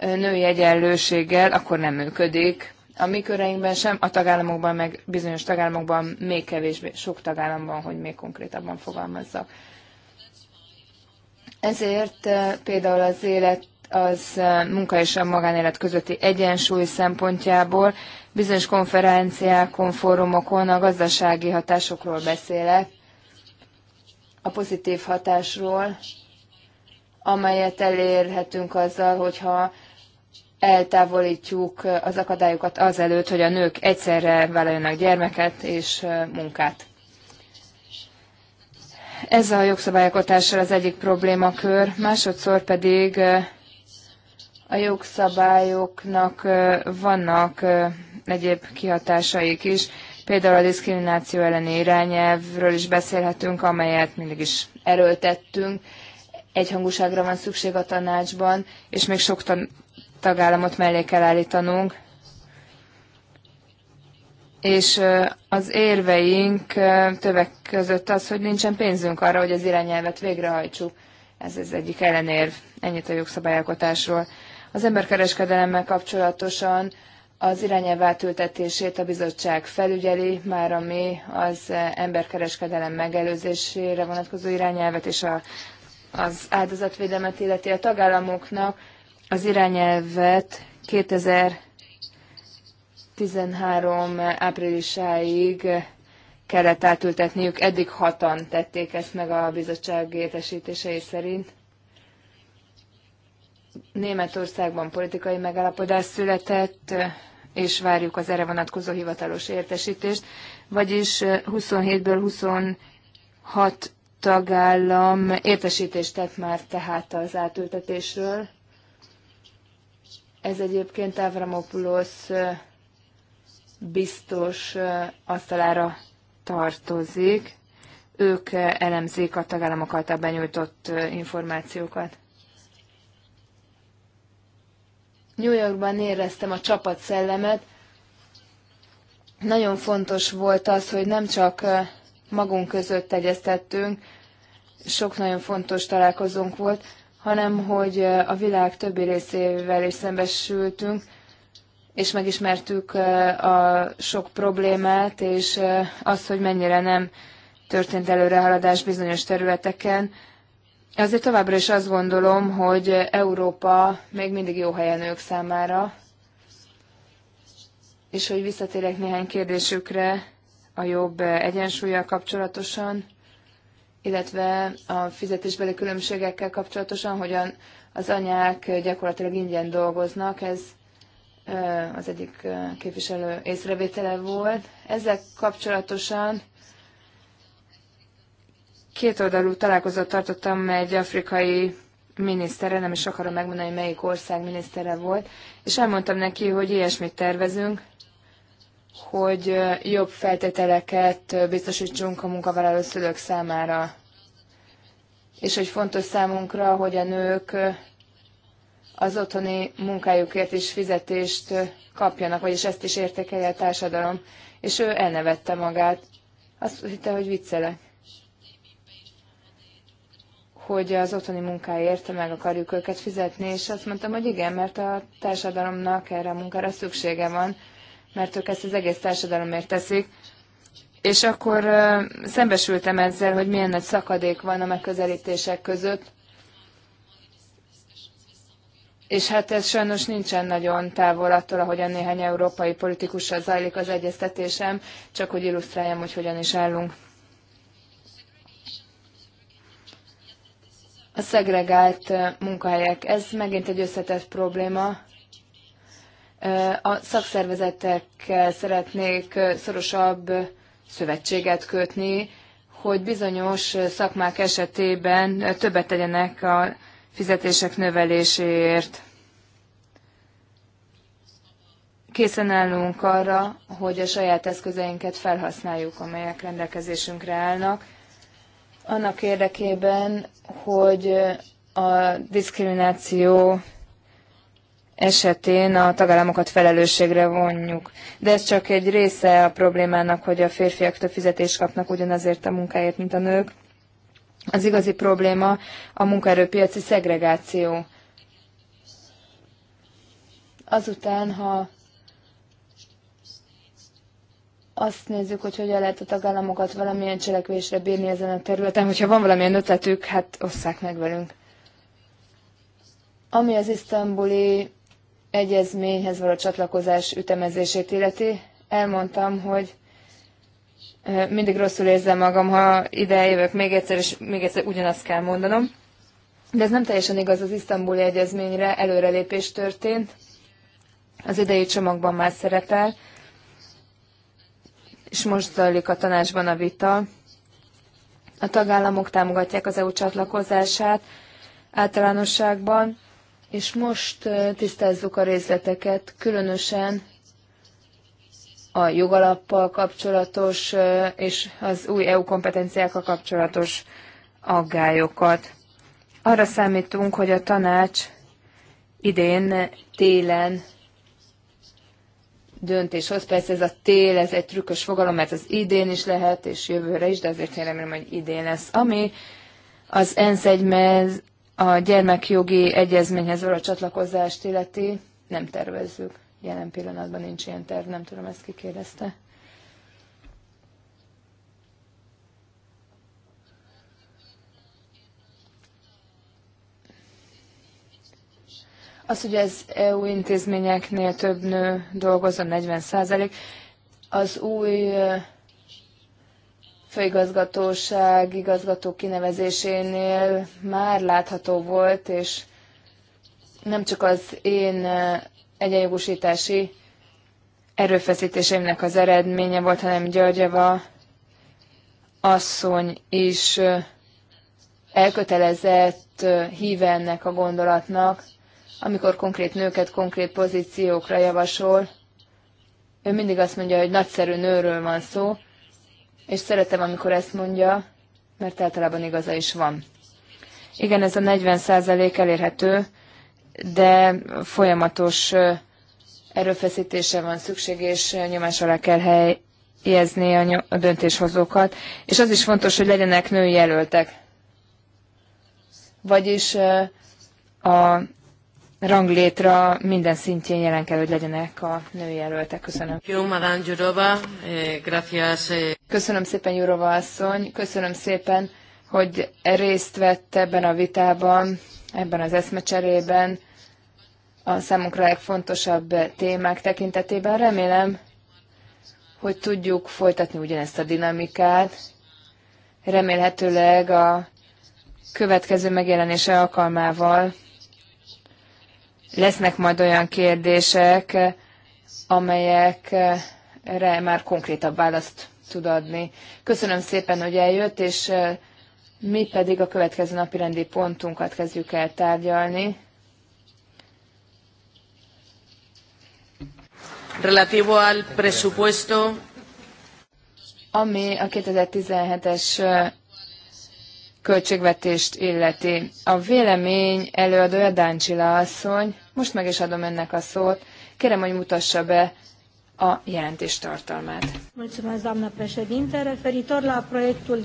[SPEAKER 2] női egyenlőséggel, akkor nem működik. A mi köreinkben sem, a tagállamokban, meg bizonyos tagállamokban, még kevésbé, sok tagállamban, hogy még konkrétabban fogalmazzak. Ezért például az élet, az munka és a magánélet közötti egyensúly szempontjából bizonyos konferenciákon, fórumokon a gazdasági hatásokról beszélek, a pozitív hatásról, amelyet elérhetünk azzal, hogyha eltávolítjuk az akadályokat azelőtt, hogy a nők egyszerre vállaljanak gyermeket és munkát. Ez a jogszabályalkotással az egyik problémakör, másodszor pedig a jogszabályoknak vannak egyéb kihatásaik is, például a diszkrimináció elleni irányelvről is beszélhetünk, amelyet mindig is erőltettünk. Egyhangúságra van szükség a tanácsban, és még sok tagállamot mellé kell állítanunk. És az érveink többek között az, hogy nincsen pénzünk arra, hogy az irányelvet végrehajtsuk. Ez az egyik ellenérv. Ennyit a jogszabályalkotásról. Az emberkereskedelemmel kapcsolatosan az irányelv átültetését a bizottság felügyeli, már ami az emberkereskedelem megelőzésére vonatkozó irányelvet és a, az áldozatvédelmet illeti a tagállamoknak az irányelvet 2013 áprilisáig kellett átültetniük, eddig hatan tették ezt meg a bizottság értesítései szerint. Németországban politikai megállapodás született, és várjuk az erre vonatkozó hivatalos értesítést, vagyis 27-ből 26 tagállam értesítést tett már tehát az átültetésről. Ez egyébként Avramopoulos biztos asztalára tartozik. Ők elemzik a tagállamokat a benyújtott információkat. New Yorkban éreztem a csapat szellemet. Nagyon fontos volt az, hogy nem csak magunk között egyeztettünk, sok nagyon fontos találkozónk volt, hanem hogy a világ többi részével is szembesültünk, és megismertük a sok problémát, és az, hogy mennyire nem történt előrehaladás bizonyos területeken. Azért továbbra is azt gondolom, hogy Európa még mindig jó helyen ők számára, és hogy visszatérek néhány kérdésükre a jobb egyensúlyjal kapcsolatosan, illetve a fizetésbeli különbségekkel kapcsolatosan, hogyan az anyák gyakorlatilag ingyen dolgoznak, ez az egyik képviselő észrevétele volt. Ezzel kapcsolatosan kétoldalú találkozót tartottam egy afrikai minisztere, nem is akarom megmondani, melyik ország minisztere volt, és elmondtam neki, hogy ilyesmit tervezünk, hogy jobb feltételeket biztosítsunk a munkavállaló szülők számára. És hogy fontos számunkra, hogy a nők az otthoni munkájukért is fizetést kapjanak, vagyis ezt is értékelje a társadalom. És ő elnevette magát. Azt hitte, hogy viccelek hogy az otthoni munkáért meg akarjuk őket fizetni, és azt mondtam, hogy igen, mert a társadalomnak erre a munkára szüksége van, mert ők ezt az egész társadalomért teszik. És akkor szembesültem ezzel, hogy milyen nagy szakadék van a megközelítések között, és hát ez sajnos nincsen nagyon távol attól, a néhány európai politikussal zajlik az egyeztetésem, csak hogy illusztráljam, hogy hogyan is állunk. a szegregált munkahelyek. Ez megint egy összetett probléma. A szakszervezetekkel szeretnék szorosabb szövetséget kötni, hogy bizonyos szakmák esetében többet tegyenek a fizetések növeléséért. Készen állunk arra, hogy a saját eszközeinket felhasználjuk, amelyek rendelkezésünkre állnak annak érdekében, hogy a diszkrimináció esetén a tagállamokat felelősségre vonjuk. De ez csak egy része a problémának, hogy a férfiak több fizetést kapnak ugyanazért a munkáért, mint a nők. Az igazi probléma a munkaerőpiaci szegregáció. Azután, ha azt nézzük, hogy hogyan lehet a tagállamokat valamilyen cselekvésre bírni ezen a területen, hogyha van valamilyen ötletük, hát osszák meg velünk. Ami az isztambuli egyezményhez való csatlakozás ütemezését illeti, elmondtam, hogy mindig rosszul érzem magam, ha ide jövök még egyszer, és még egyszer ugyanazt kell mondanom. De ez nem teljesen igaz az isztambuli egyezményre, előrelépés történt. Az idei csomagban már szerepel, és most zajlik a tanácsban a vita. A tagállamok támogatják az EU csatlakozását általánosságban, és most tisztázzuk a részleteket, különösen a jogalappal kapcsolatos és az új EU kompetenciákkal kapcsolatos aggályokat. Arra számítunk, hogy a tanács idén télen döntéshoz. Persze ez a tél, ez egy trükkös fogalom, mert az idén is lehet, és jövőre is, de azért én remélem, hogy idén lesz. Ami az ENSZ egymez a gyermekjogi egyezményhez való csatlakozást illeti, nem tervezzük. Jelen pillanatban nincs ilyen terv, nem tudom, ezt kikérdezte. Az, hogy az EU intézményeknél több nő dolgozom, 40 százalék, az új főigazgatóság igazgató kinevezésénél már látható volt, és nem csak az én egyenjogosítási erőfeszítéseimnek az eredménye volt, hanem Györgyeva asszony is elkötelezett híve ennek a gondolatnak, amikor konkrét nőket konkrét pozíciókra javasol, ő mindig azt mondja, hogy nagyszerű nőről van szó, és szeretem, amikor ezt mondja, mert általában igaza is van. Igen, ez a 40% elérhető, de folyamatos erőfeszítése van szükség, és nyomás alá kell helyezni a, ny- a döntéshozókat. És az is fontos, hogy legyenek női jelöltek. Vagyis a ranglétra minden szintjén jelen kell, hogy legyenek a jelöltek. Köszönöm.
[SPEAKER 1] Eh, eh. Köszönöm szépen,
[SPEAKER 2] Jurova asszony. Köszönöm szépen, hogy részt vett ebben a vitában, ebben az eszmecserében a számunkra legfontosabb témák tekintetében. Remélem, hogy tudjuk folytatni ugyanezt a dinamikát. Remélhetőleg a következő megjelenése alkalmával lesznek majd olyan kérdések, amelyekre már konkrétabb választ tud adni. Köszönöm szépen, hogy eljött, és mi pedig a következő napi rendi pontunkat kezdjük el tárgyalni.
[SPEAKER 1] Relativo al presupuesto.
[SPEAKER 2] Ami a 2017-es költségvetést illeti. A vélemény előadója Dáncsila asszony, most meg is adom önnek a szót. Kérem, hogy mutassa be a jelentés tartalmát.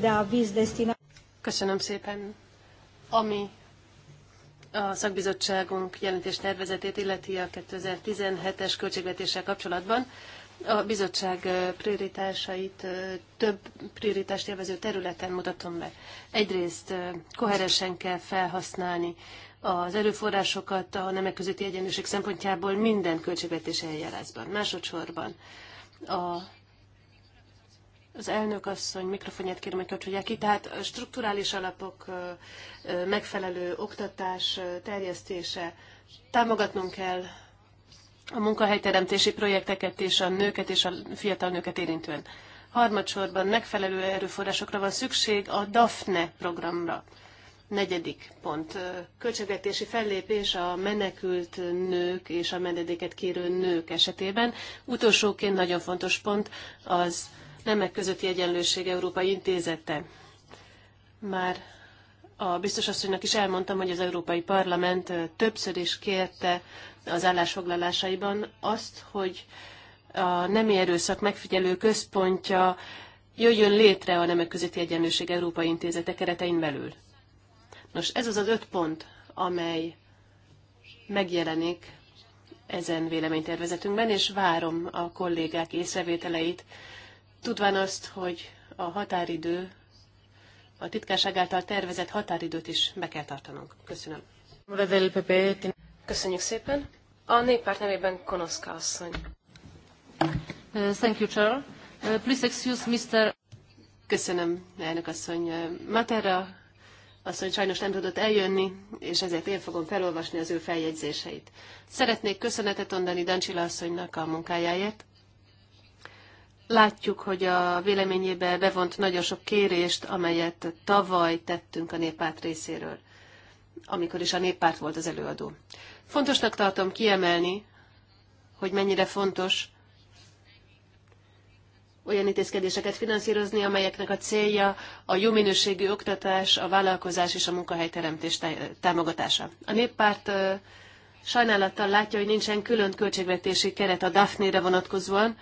[SPEAKER 3] de Köszönöm szépen. Ami a szakbizottságunk jelentés tervezetét illeti a 2017-es költségvetéssel kapcsolatban, a bizottság prioritásait több prioritást élvező területen mutatom be. Egyrészt koherensen kell felhasználni az erőforrásokat a nemek közötti egyenlőség szempontjából minden költségvetés eljárásban. Másodszorban a az elnök asszony mikrofonját kérem, hogy kapcsolják ki. Tehát strukturális alapok megfelelő oktatás terjesztése. Támogatnunk kell a munkahelyteremtési projekteket és a nőket és a fiatal nőket érintően. Harmadsorban megfelelő erőforrásokra van szükség a DAFNE programra. Negyedik pont. Költségvetési fellépés a menekült nők és a menedéket kérő nők esetében. Utolsóként nagyon fontos pont az Nemek közötti Egyenlőség Európai Intézete. Már a biztos asszonynak is elmondtam, hogy az Európai Parlament többször is kérte az állásfoglalásaiban azt, hogy a nemi erőszak megfigyelő központja jöjjön létre a Nemek Közötti Egyenlőség Európai Intézete keretein belül. Nos, ez az az öt pont, amely megjelenik ezen véleménytervezetünkben, és várom a kollégák észrevételeit, tudván azt, hogy a határidő, a titkárság által tervezett határidőt is be kell tartanunk. Köszönöm. Köszönjük szépen. A néppárt nevében Konoszka asszony. Uh, thank you, Chair. Uh, please excuse Mr. Köszönöm, elnök asszony. Matera az hogy sajnos nem tudott eljönni, és ezért én fogom felolvasni az ő feljegyzéseit. Szeretnék köszönetet mondani Dancsila asszonynak a munkájáért. Látjuk, hogy a véleményébe bevont nagyon sok kérést, amelyet tavaly tettünk a néppárt részéről, amikor is a néppárt volt az előadó. Fontosnak tartom kiemelni, hogy mennyire fontos, olyan intézkedéseket finanszírozni, amelyeknek a célja a jó minőségű oktatás, a vállalkozás és a munkahelyteremtés támogatása. A néppárt sajnálattal látja, hogy nincsen külön költségvetési keret a Daphne-re vonatkozóan,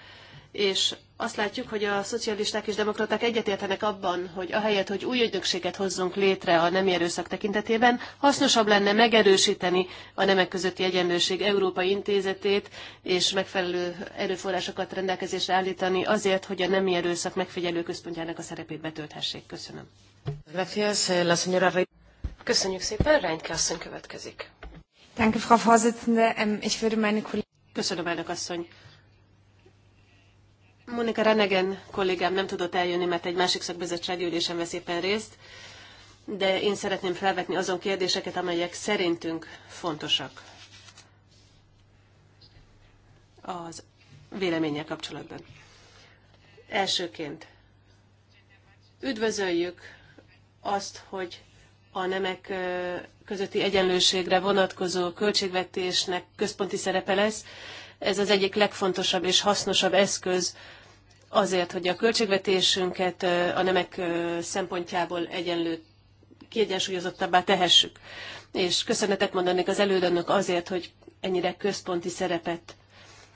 [SPEAKER 3] és azt látjuk, hogy a szocialisták és demokraták egyetértenek abban, hogy ahelyett, hogy új ügynökséget hozzunk létre a nemi erőszak tekintetében, hasznosabb lenne megerősíteni a nemek közötti egyenlőség Európai Intézetét, és megfelelő erőforrásokat rendelkezésre állítani azért, hogy a nemi erőszak megfigyelő központjának a szerepét betölthessék. Köszönöm.
[SPEAKER 1] Eh, Köszönjük szépen, Reinke
[SPEAKER 3] asszony következik. Frau Vorsitzende. Ähm, ich würde meine Köszönöm, elnök asszony. Monika Renegen kollégám nem tudott eljönni, mert egy másik szakbizottsági ülésen vesz éppen részt, de én szeretném felvetni azon kérdéseket, amelyek szerintünk fontosak az véleménnyel kapcsolatban. Elsőként üdvözöljük azt, hogy a nemek közötti egyenlőségre vonatkozó költségvetésnek központi szerepe lesz, ez az egyik legfontosabb és hasznosabb eszköz azért, hogy a költségvetésünket a nemek szempontjából egyenlő kiegyensúlyozottabbá tehessük. És köszönetet mondanék az elődönök azért, hogy ennyire központi szerepet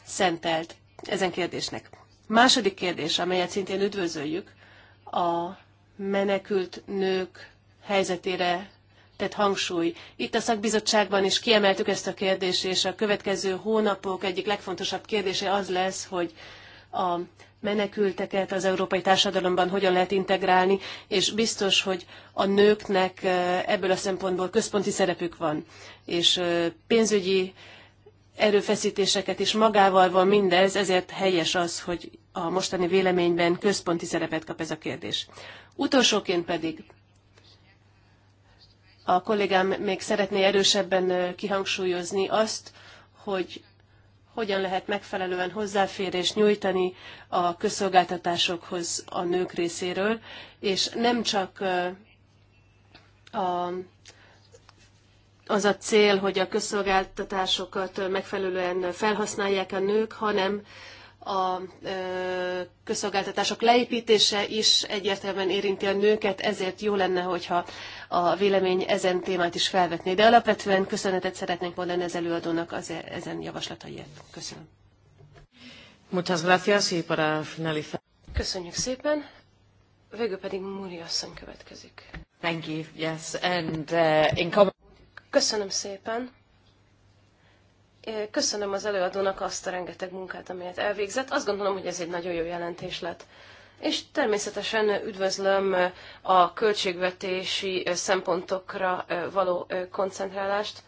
[SPEAKER 3] szentelt ezen kérdésnek. Második kérdés, amelyet szintén üdvözöljük, a menekült nők helyzetére tett hangsúly. Itt a szakbizottságban is kiemeltük ezt a kérdést, és a következő hónapok egyik legfontosabb kérdése az lesz, hogy a menekülteket az európai társadalomban hogyan lehet integrálni, és biztos, hogy a nőknek ebből a szempontból központi szerepük van, és pénzügyi erőfeszítéseket is magával van mindez, ezért helyes az, hogy a mostani véleményben központi szerepet kap ez a kérdés. Utolsóként pedig a kollégám még szeretné erősebben kihangsúlyozni azt, hogy hogyan lehet megfelelően hozzáférést nyújtani a közszolgáltatásokhoz a nők részéről, és nem csak a, az a cél, hogy a közszolgáltatásokat megfelelően felhasználják a nők, hanem a közszolgáltatások leépítése is egyértelműen érinti a nőket, ezért jó lenne, hogyha a vélemény ezen témát is felvetni. De alapvetően köszönetet szeretnénk mondani az előadónak az e- ezen javaslataiért. Köszönöm.
[SPEAKER 1] Muchas gracias y para finalizar. Köszönjük
[SPEAKER 3] szépen. Végül pedig Múri asszony következik.
[SPEAKER 1] Thank you, yes, and uh, in common...
[SPEAKER 3] Köszönöm szépen. Köszönöm az előadónak azt a rengeteg munkát, amelyet elvégzett. Azt gondolom, hogy ez egy nagyon jó jelentés lett és természetesen üdvözlöm a költségvetési szempontokra való koncentrálást,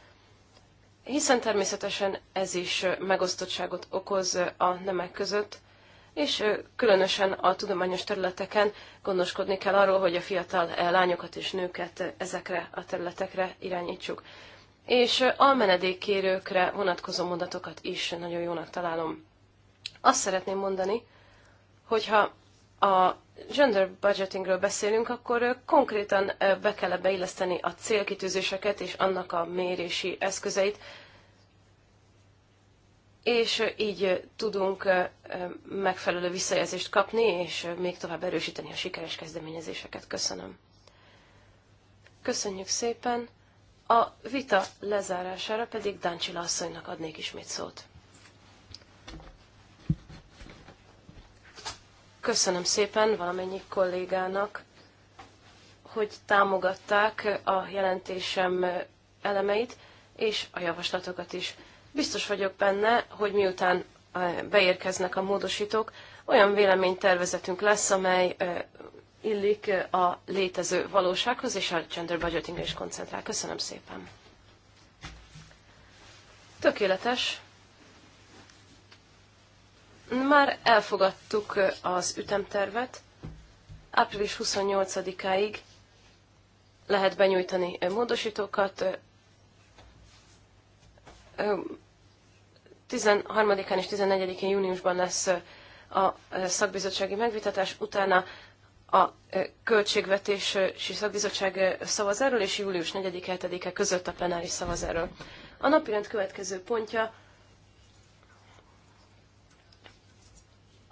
[SPEAKER 3] hiszen természetesen ez is megosztottságot okoz a nemek között, és különösen a tudományos területeken gondoskodni kell arról, hogy a fiatal lányokat és nőket ezekre a területekre irányítsuk. És a menedékkérőkre vonatkozó mondatokat is nagyon jónak találom. Azt szeretném mondani, hogyha a gender budgetingről beszélünk, akkor konkrétan be kell beilleszteni a célkitűzéseket és annak a mérési eszközeit, és így tudunk megfelelő visszajelzést kapni, és még tovább erősíteni a sikeres kezdeményezéseket. Köszönöm. Köszönjük szépen. A vita lezárására pedig Dáncsila asszonynak adnék ismét szót. Köszönöm szépen valamennyi kollégának, hogy támogatták a jelentésem elemeit és a javaslatokat is. Biztos vagyok benne, hogy miután beérkeznek a módosítók, olyan véleménytervezetünk lesz, amely illik a létező valósághoz, és a gender budgetingre is koncentrál. Köszönöm szépen. Tökéletes. Már elfogadtuk az ütemtervet. Április 28-áig lehet benyújtani módosítókat. 13-án és 14-én júniusban lesz a szakbizottsági megvitatás, utána a költségvetési szakbizottság szavaz erről, és július 4-7-e között a plenáris szavaz erről. A napirend következő pontja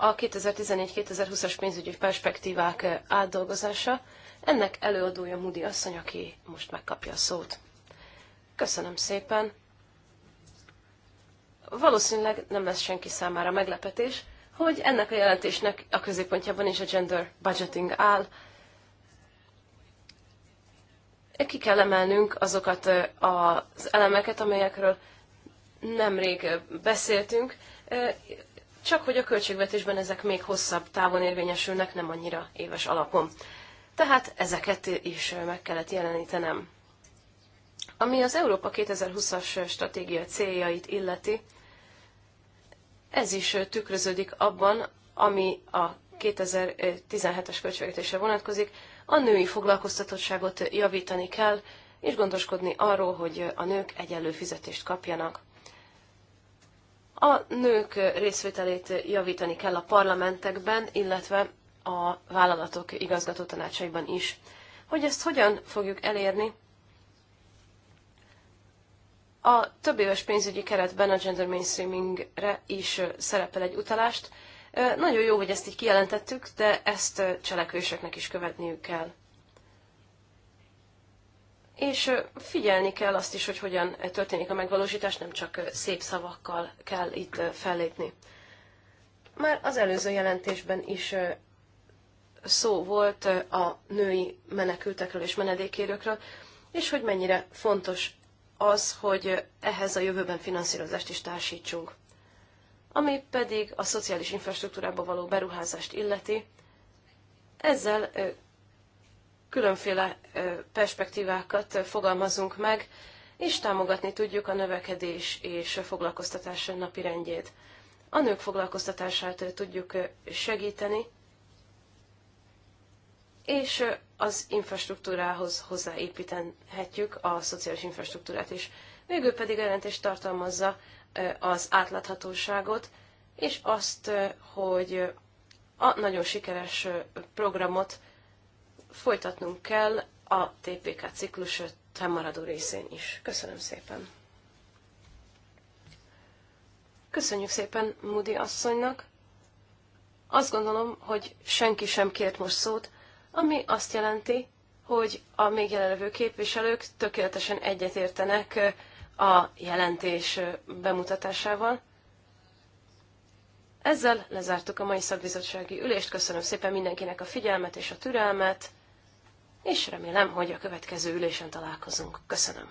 [SPEAKER 3] a 2014-2020-as pénzügyi perspektívák eh, átdolgozása. Ennek előadója Mudi asszony, aki most megkapja a szót. Köszönöm szépen. Valószínűleg nem lesz senki számára meglepetés, hogy ennek a jelentésnek a középpontjában is a gender budgeting áll. Ki kell emelnünk azokat eh, az elemeket, amelyekről nemrég eh, beszéltünk, csak hogy a költségvetésben ezek még hosszabb távon érvényesülnek, nem annyira éves alapon. Tehát ezeket is meg kellett jelenítenem. Ami az Európa 2020-as stratégia céljait illeti, ez is tükröződik abban, ami a 2017-es költségvetésre vonatkozik, a női foglalkoztatottságot javítani kell, és gondoskodni arról, hogy a nők egyenlő fizetést kapjanak. A nők részvételét javítani kell a parlamentekben, illetve a vállalatok igazgató tanácsaiban is. Hogy ezt hogyan fogjuk elérni? A több éves pénzügyi keretben a gender mainstreamingre is szerepel egy utalást. Nagyon jó, hogy ezt így kijelentettük, de ezt cselekvéseknek is követniük kell és figyelni kell azt is, hogy hogyan történik a megvalósítás, nem csak szép szavakkal kell itt fellépni. Már az előző jelentésben is szó volt a női menekültekről és menedékérőkről, és hogy mennyire fontos az, hogy ehhez a jövőben finanszírozást is társítsunk. Ami pedig a szociális infrastruktúrába való beruházást illeti, ezzel különféle perspektívákat fogalmazunk meg, és támogatni tudjuk a növekedés és foglalkoztatás napi rendjét. A nők foglalkoztatását tudjuk segíteni, és az infrastruktúrához hozzáépíthetjük a szociális infrastruktúrát is. Végül pedig a jelentés tartalmazza az átláthatóságot, és azt, hogy a nagyon sikeres programot folytatnunk kell a TPK ciklus fennmaradó részén is. Köszönöm szépen! Köszönjük szépen Moody asszonynak! Azt gondolom, hogy senki sem kért most szót, ami azt jelenti, hogy a még jelenlevő képviselők tökéletesen egyetértenek a jelentés bemutatásával. Ezzel lezártuk a mai szakbizottsági ülést. Köszönöm szépen mindenkinek a figyelmet és a türelmet és remélem, hogy a következő ülésen találkozunk. Köszönöm.